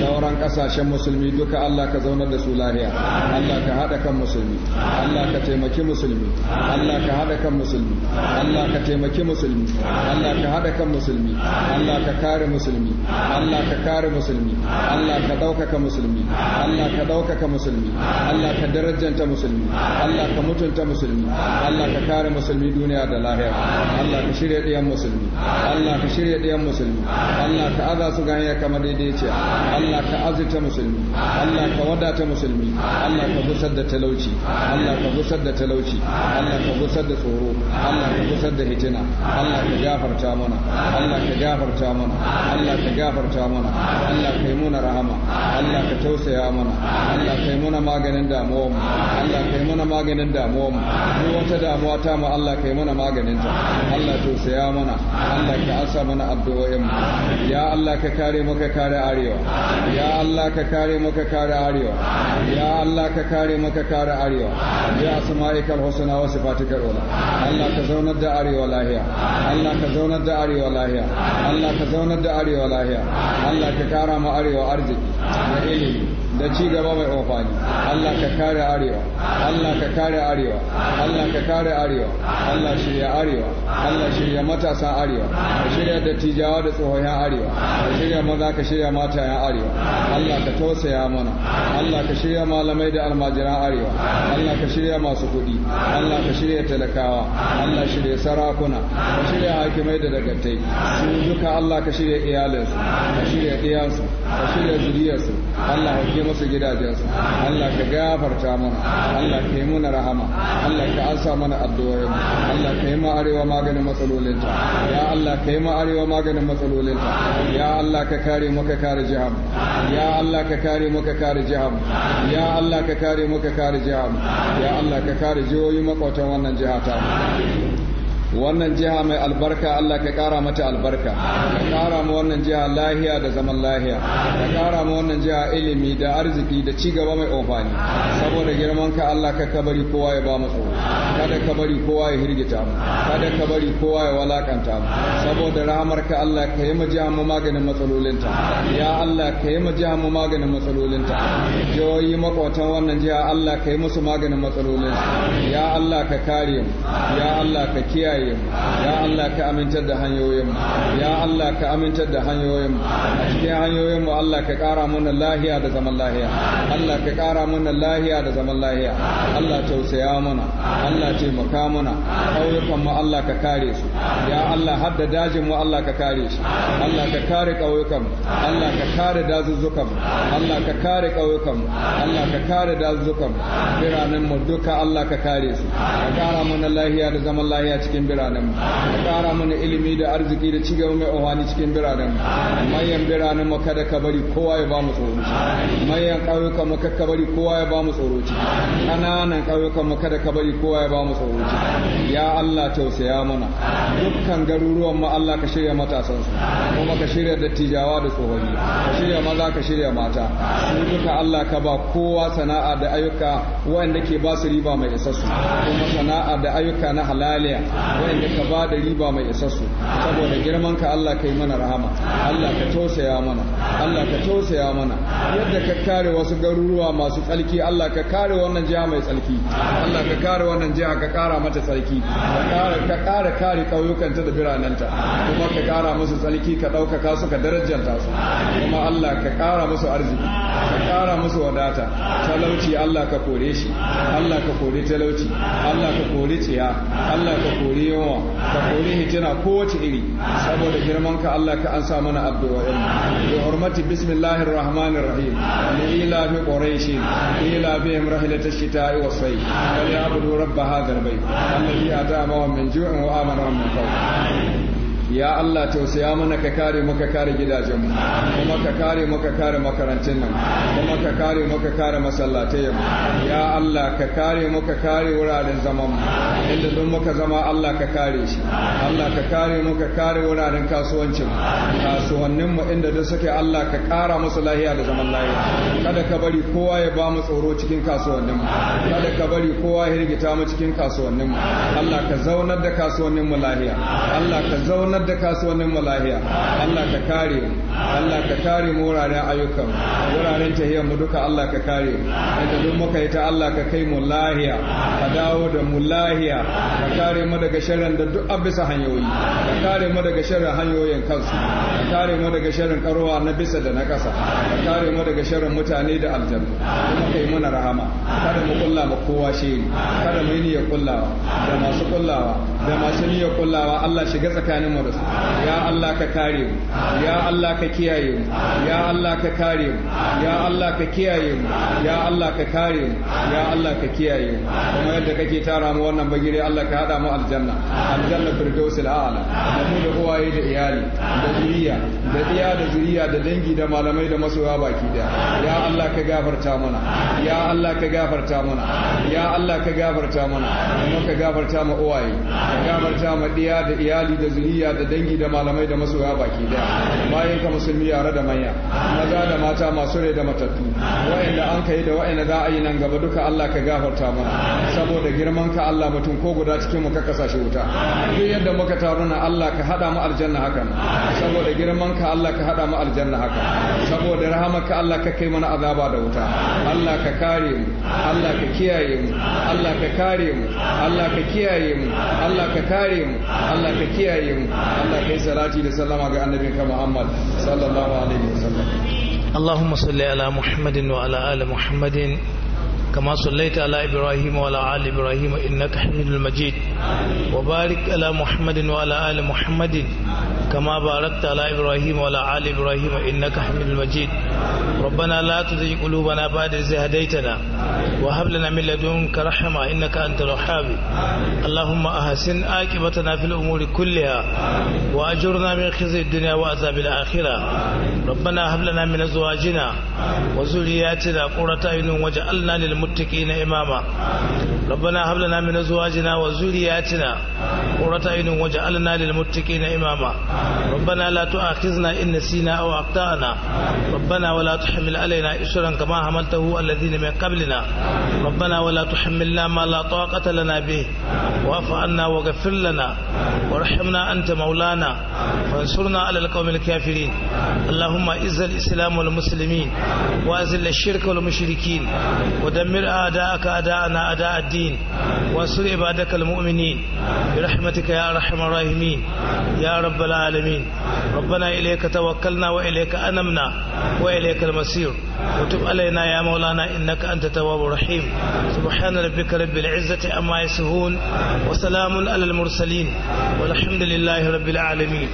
sauran kasashen musulmi duka Allah ka zaunar da su lahiya Allah ka haɗa kan musulmi Allah ka taimaki musulmi Allah ka haɗa kan musulmi Allah ka taimaki musulmi Allah ka haɗa kan musulmi Allah ka kare musulmi Allah ka kare musulmi Allah ka ɗaukaka musulmi Allah ka ɗaukaka musulmi Allah ka darajanta musulmi Allah ka mutunta musulmi Allah ka kare musulmi duniya da lahiya Allah ka shirya ɗiyan musulmi Allah ka shirya ɗiyan musulmi Allah ka aza su ga kama kamar ce Allah ka azurta musulmi Allah ka wadata musulmi Allah ka busar da talauci Allah ka busar da talauci Allah ka busar da tsoro Allah ka busar da hitina Allah ka gafarta mana Allah ka gafarta mana Allah ka gafarta mana Allah ka yi muna rahama Allah ka tausaya mana Allah ka yi muna maganin damuwa Allah ka yi muna maganin damuwa mu wata damuwa ta mu Allah ka yi muna maganin ta Allah to saya mana Allah ka asa mana addu'o'in ya Allah ka kare mu ka kare arewa ya Allah ka kare mu ka kare arewa ya Allah ka kare mu ka kare arewa ya asma'ikal husna wa sifatikal ula Allah ka zaunar da arewa lahiya Allah ka zaunar da arewa lahiya Allah ka zaunar da arewa lahiya Allah ka kara mu arewa arziki da ilimi da ci gaba mai amfani Allah ka kare arewa Allah ka kare arewa Allah ka kare arewa Allah shirya arewa Allah shirya matasa arewa ka shirya tijawa da tsohon arewa ka shirya maza ka shirya mata yan arewa Allah ka tausaya mana Allah ka shirya malamai da almajiran arewa Allah ka shirya masu kuɗi Allah ka shirya talakawa Allah shirya sarakuna ka shirya hakimai da dagatai su duka Allah ka shirya iyalansu ka shirya iyansu ka shirya zuriyarsu Allah ka musu gidajensu Allah ka gafarta mana Allah ka yi muna rahama Allah ka ansa mana addu'o'in Allah ka yi ma arewa maganin matsalolin ta ya Allah ka yi ma arewa maganin matsalolin ta ya Allah ka kare mu ka kare jiham ya Allah ka kare mu ka kare jiham ya Allah ka kare mu ka kare jiham ya Allah ka kare jihohi makwatan wannan jihata wannan jiha mai albarka Allah ka ƙara mata albarka ka ƙara mu wannan jiha lahiya da zaman lahiya ka ƙara mu wannan jiha ilimi da arziki da ci gaba mai amfani saboda girman ka Allah ka kabari kowa ya ba mu tsoro kada ka bari kowa ya hirgita mu kada ka bari kowa ya walakanta mu saboda rahamar ka Allah ka yi jiha mu maganin matsalolinta ya Allah ka yi jiha mu maganin matsalolinta jihohi makwatan wannan jiha Allah ka yi musu maganin matsalolinsu ya Allah ka kare mu ya Allah ka kiyaye mu ya Allah ka amintar da hanyoyin mu ya Allah ka amintar da hanyoyin mu a cikin hanyoyin mu Allah ka kara mana lahiya da zaman lahiya Allah ka kara mana lahiya da zaman lahiya Allah tausaya mana Allah taimaka mana ƙauyukan mu Allah ka kare su ya Allah hadda dajin mu Allah ka kare shi Allah ka kare mu Allah ka kare dazuzzukan mu Allah ka kare mu Allah ka kare dazuzzukan biranen mu duka Allah ka kare su ka kara mana lahiya da zaman lahiya cikin biranen mu kara mana ilimi da arziki da gaba mai ohani cikin biranen mu manyan biranen mu kada ka bari kowa ya ba mu tsoro manyan ƙauyukan mu kada ka bari kowa ya ba mu tsoro kananan ƙauyukan mu kada ka bari kowa ya ba mu tsoro ya Allah tausaya mana dukkan garuruwan mu Allah ka shirya matasan su kuma ka shirya dattijawa da tsohoni shirya maza ka shirya mata su duka Allah ka ba kowa sana'a da ayyuka wanda ke ba su riba mai isassu kuma sana'a da ayyuka na halaliya wayanda ka ba da riba mai isassu saboda girman ka Allah kai mana rahama Allah ka tausaya mana Allah ka tausaya mana yadda ka kare wasu garuruwa masu tsarki Allah ka kare wannan jiha mai tsarki Allah ka kare wannan jiha ka kara mata tsarki ka kara kare ƙauyukanta da biranenta kuma ka kara musu tsarki ka ɗaukaka su ka darajanta su kuma Allah ka kara musu arziki ka kara musu wadata talauci Allah ka kore shi Allah ka kore talauci Allah ka kore tsiya Allah ka kore kori yunwa ka kori hitina kowace iri saboda girman ka Allah ka ansa mana addu'o'in bi hurmati bismillahir rahmanir rahim li ila fi quraish ila bihim rahlat ash-shita'i was-sayf falyabudu rabb hadha al-bayt alladhi at'amahum min ju'in wa amanahum min khawf ya Allah tausaya mana ka kare mu ka kare gidajenmu kuma ka kare mu ka kare makarantun nan kuma ka kare mu ka kare masallatai ya Allah ka kare mu ka kare wuraren zaman mu inda duk muka zama Allah ka kare shi Allah ka kare mu ka kare wuraren kasuwancin kasuwannin mu inda duk suke Allah ka kara musu lahiya da zaman lahiya kada ka bari kowa ya ba mu tsoro cikin kasuwannin mu kada ka bari kowa ya hirgita mu cikin kasuwannin mu Allah ka zaunar da kasuwannin mu lahiya Allah ka zaunar zaunar da kasuwannin mu lahiya Allah ka kare mu Allah ka kare mu wuraren ayyukan wuraren tahiyar mu duka Allah ka kare mu inda duk muka yi ta Allah ka kai mu lahiya ka dawo da mu lahiya ka kare mu daga sharrin da duk abisa hanyoyi ka kare mu daga sharrin hanyoyin kansu ka kare mu daga sharrin karuwa na bisa da na kasa ka kare mu daga sharrin mutane da aljanna kuma kai mana rahama kada mu kulla ba kowa shiri kada mu yi niyyar kullawa da masu kullawa da masu niyyar kullawa Allah shiga tsakanin mu da ya Allah ka kare mu ya Allah ka kiyaye mu ya Allah ka kare mu ya Allah ka kiyaye mu ya Allah ka kare mu ya Allah ka kiyaye mu kuma yadda kake tara mu wannan bagire Allah ka hada mu aljanna aljanna firdausil a'la da mu da uwaye da iyali da zuriya da iya da zuriya da dangi da malamai da masoya baki da. ya Allah ka gafarta mana ya Allah ka gafarta mana ya Allah ka gafarta mana kuma ka gafarta ma uwaye ka gafarta ma diya da iyali da zuriya da da dangi da malamai da masoya baki daya bayan ka musulmi yare da manya maza da mata masu rai da matattu wa'anda an kai da wa'anda za a yi nan gaba duka Allah ka gafarta mana saboda girman ka Allah mutum ko guda cikin mu ka kasashe wuta duk yadda muka taru na Allah ka hada mu aljanna hakan saboda girman ka Allah ka hada mu aljanna hakan saboda rahamar ka Allah ka kai mana azaba da wuta Allah ka kare mu Allah ka kiyaye mu Allah ka kare mu Allah ka kiyaye mu Allah ka kare mu Allah ka kiyaye mu Allah kai salati da sallama ga ka Muhammad sallallahu alaihi wasallam Allahumma salli ala Muhammadin wa ala ali Muhammadin كما صليت على إبراهيم وعلى آل إبراهيم إنك حميد مجيد وبارك على محمد وعلى آل محمد كما باركت على إبراهيم وعلى آل إبراهيم إنك حميد مجيد ربنا لا تزغ قلوبنا بعد إذ هديتنا وهب لنا من لدنك رحمة إنك أنت الوهاب اللهم أحسن عاقبتنا في الأمور كلها وأجرنا من خزي الدنيا وعذاب الآخرة ربنا هب لنا من أزواجنا وذرياتنا قرة أعين واجعلنا للمتقين مٹھینامہ ربنا هب لنا من ازواجنا وذرياتنا قرة اعين واجعلنا للمتقين اماما ربنا لا تؤاخذنا ان نسينا او اخطانا ربنا ولا تحمل علينا اسرا كما حملته الذين من قبلنا ربنا ولا تحملنا ما لا طاقة لنا به واعف عنا واغفر لنا وارحمنا انت مولانا فانصرنا على القوم الكافرين اللهم اعز الاسلام والمسلمين واذل الشرك والمشركين ودمر اعداءك اعداءنا اعداء الدين العالمين وانصر عبادك المؤمنين برحمتك يا أرحم الراحمين يا رب العالمين ربنا إليك توكلنا وإليك أنمنا وإليك المسير وتب علينا يا مولانا إنك أنت تواب رحيم سبحان ربك رب العزة أما يسهون وسلام على المرسلين والحمد لله رب العالمين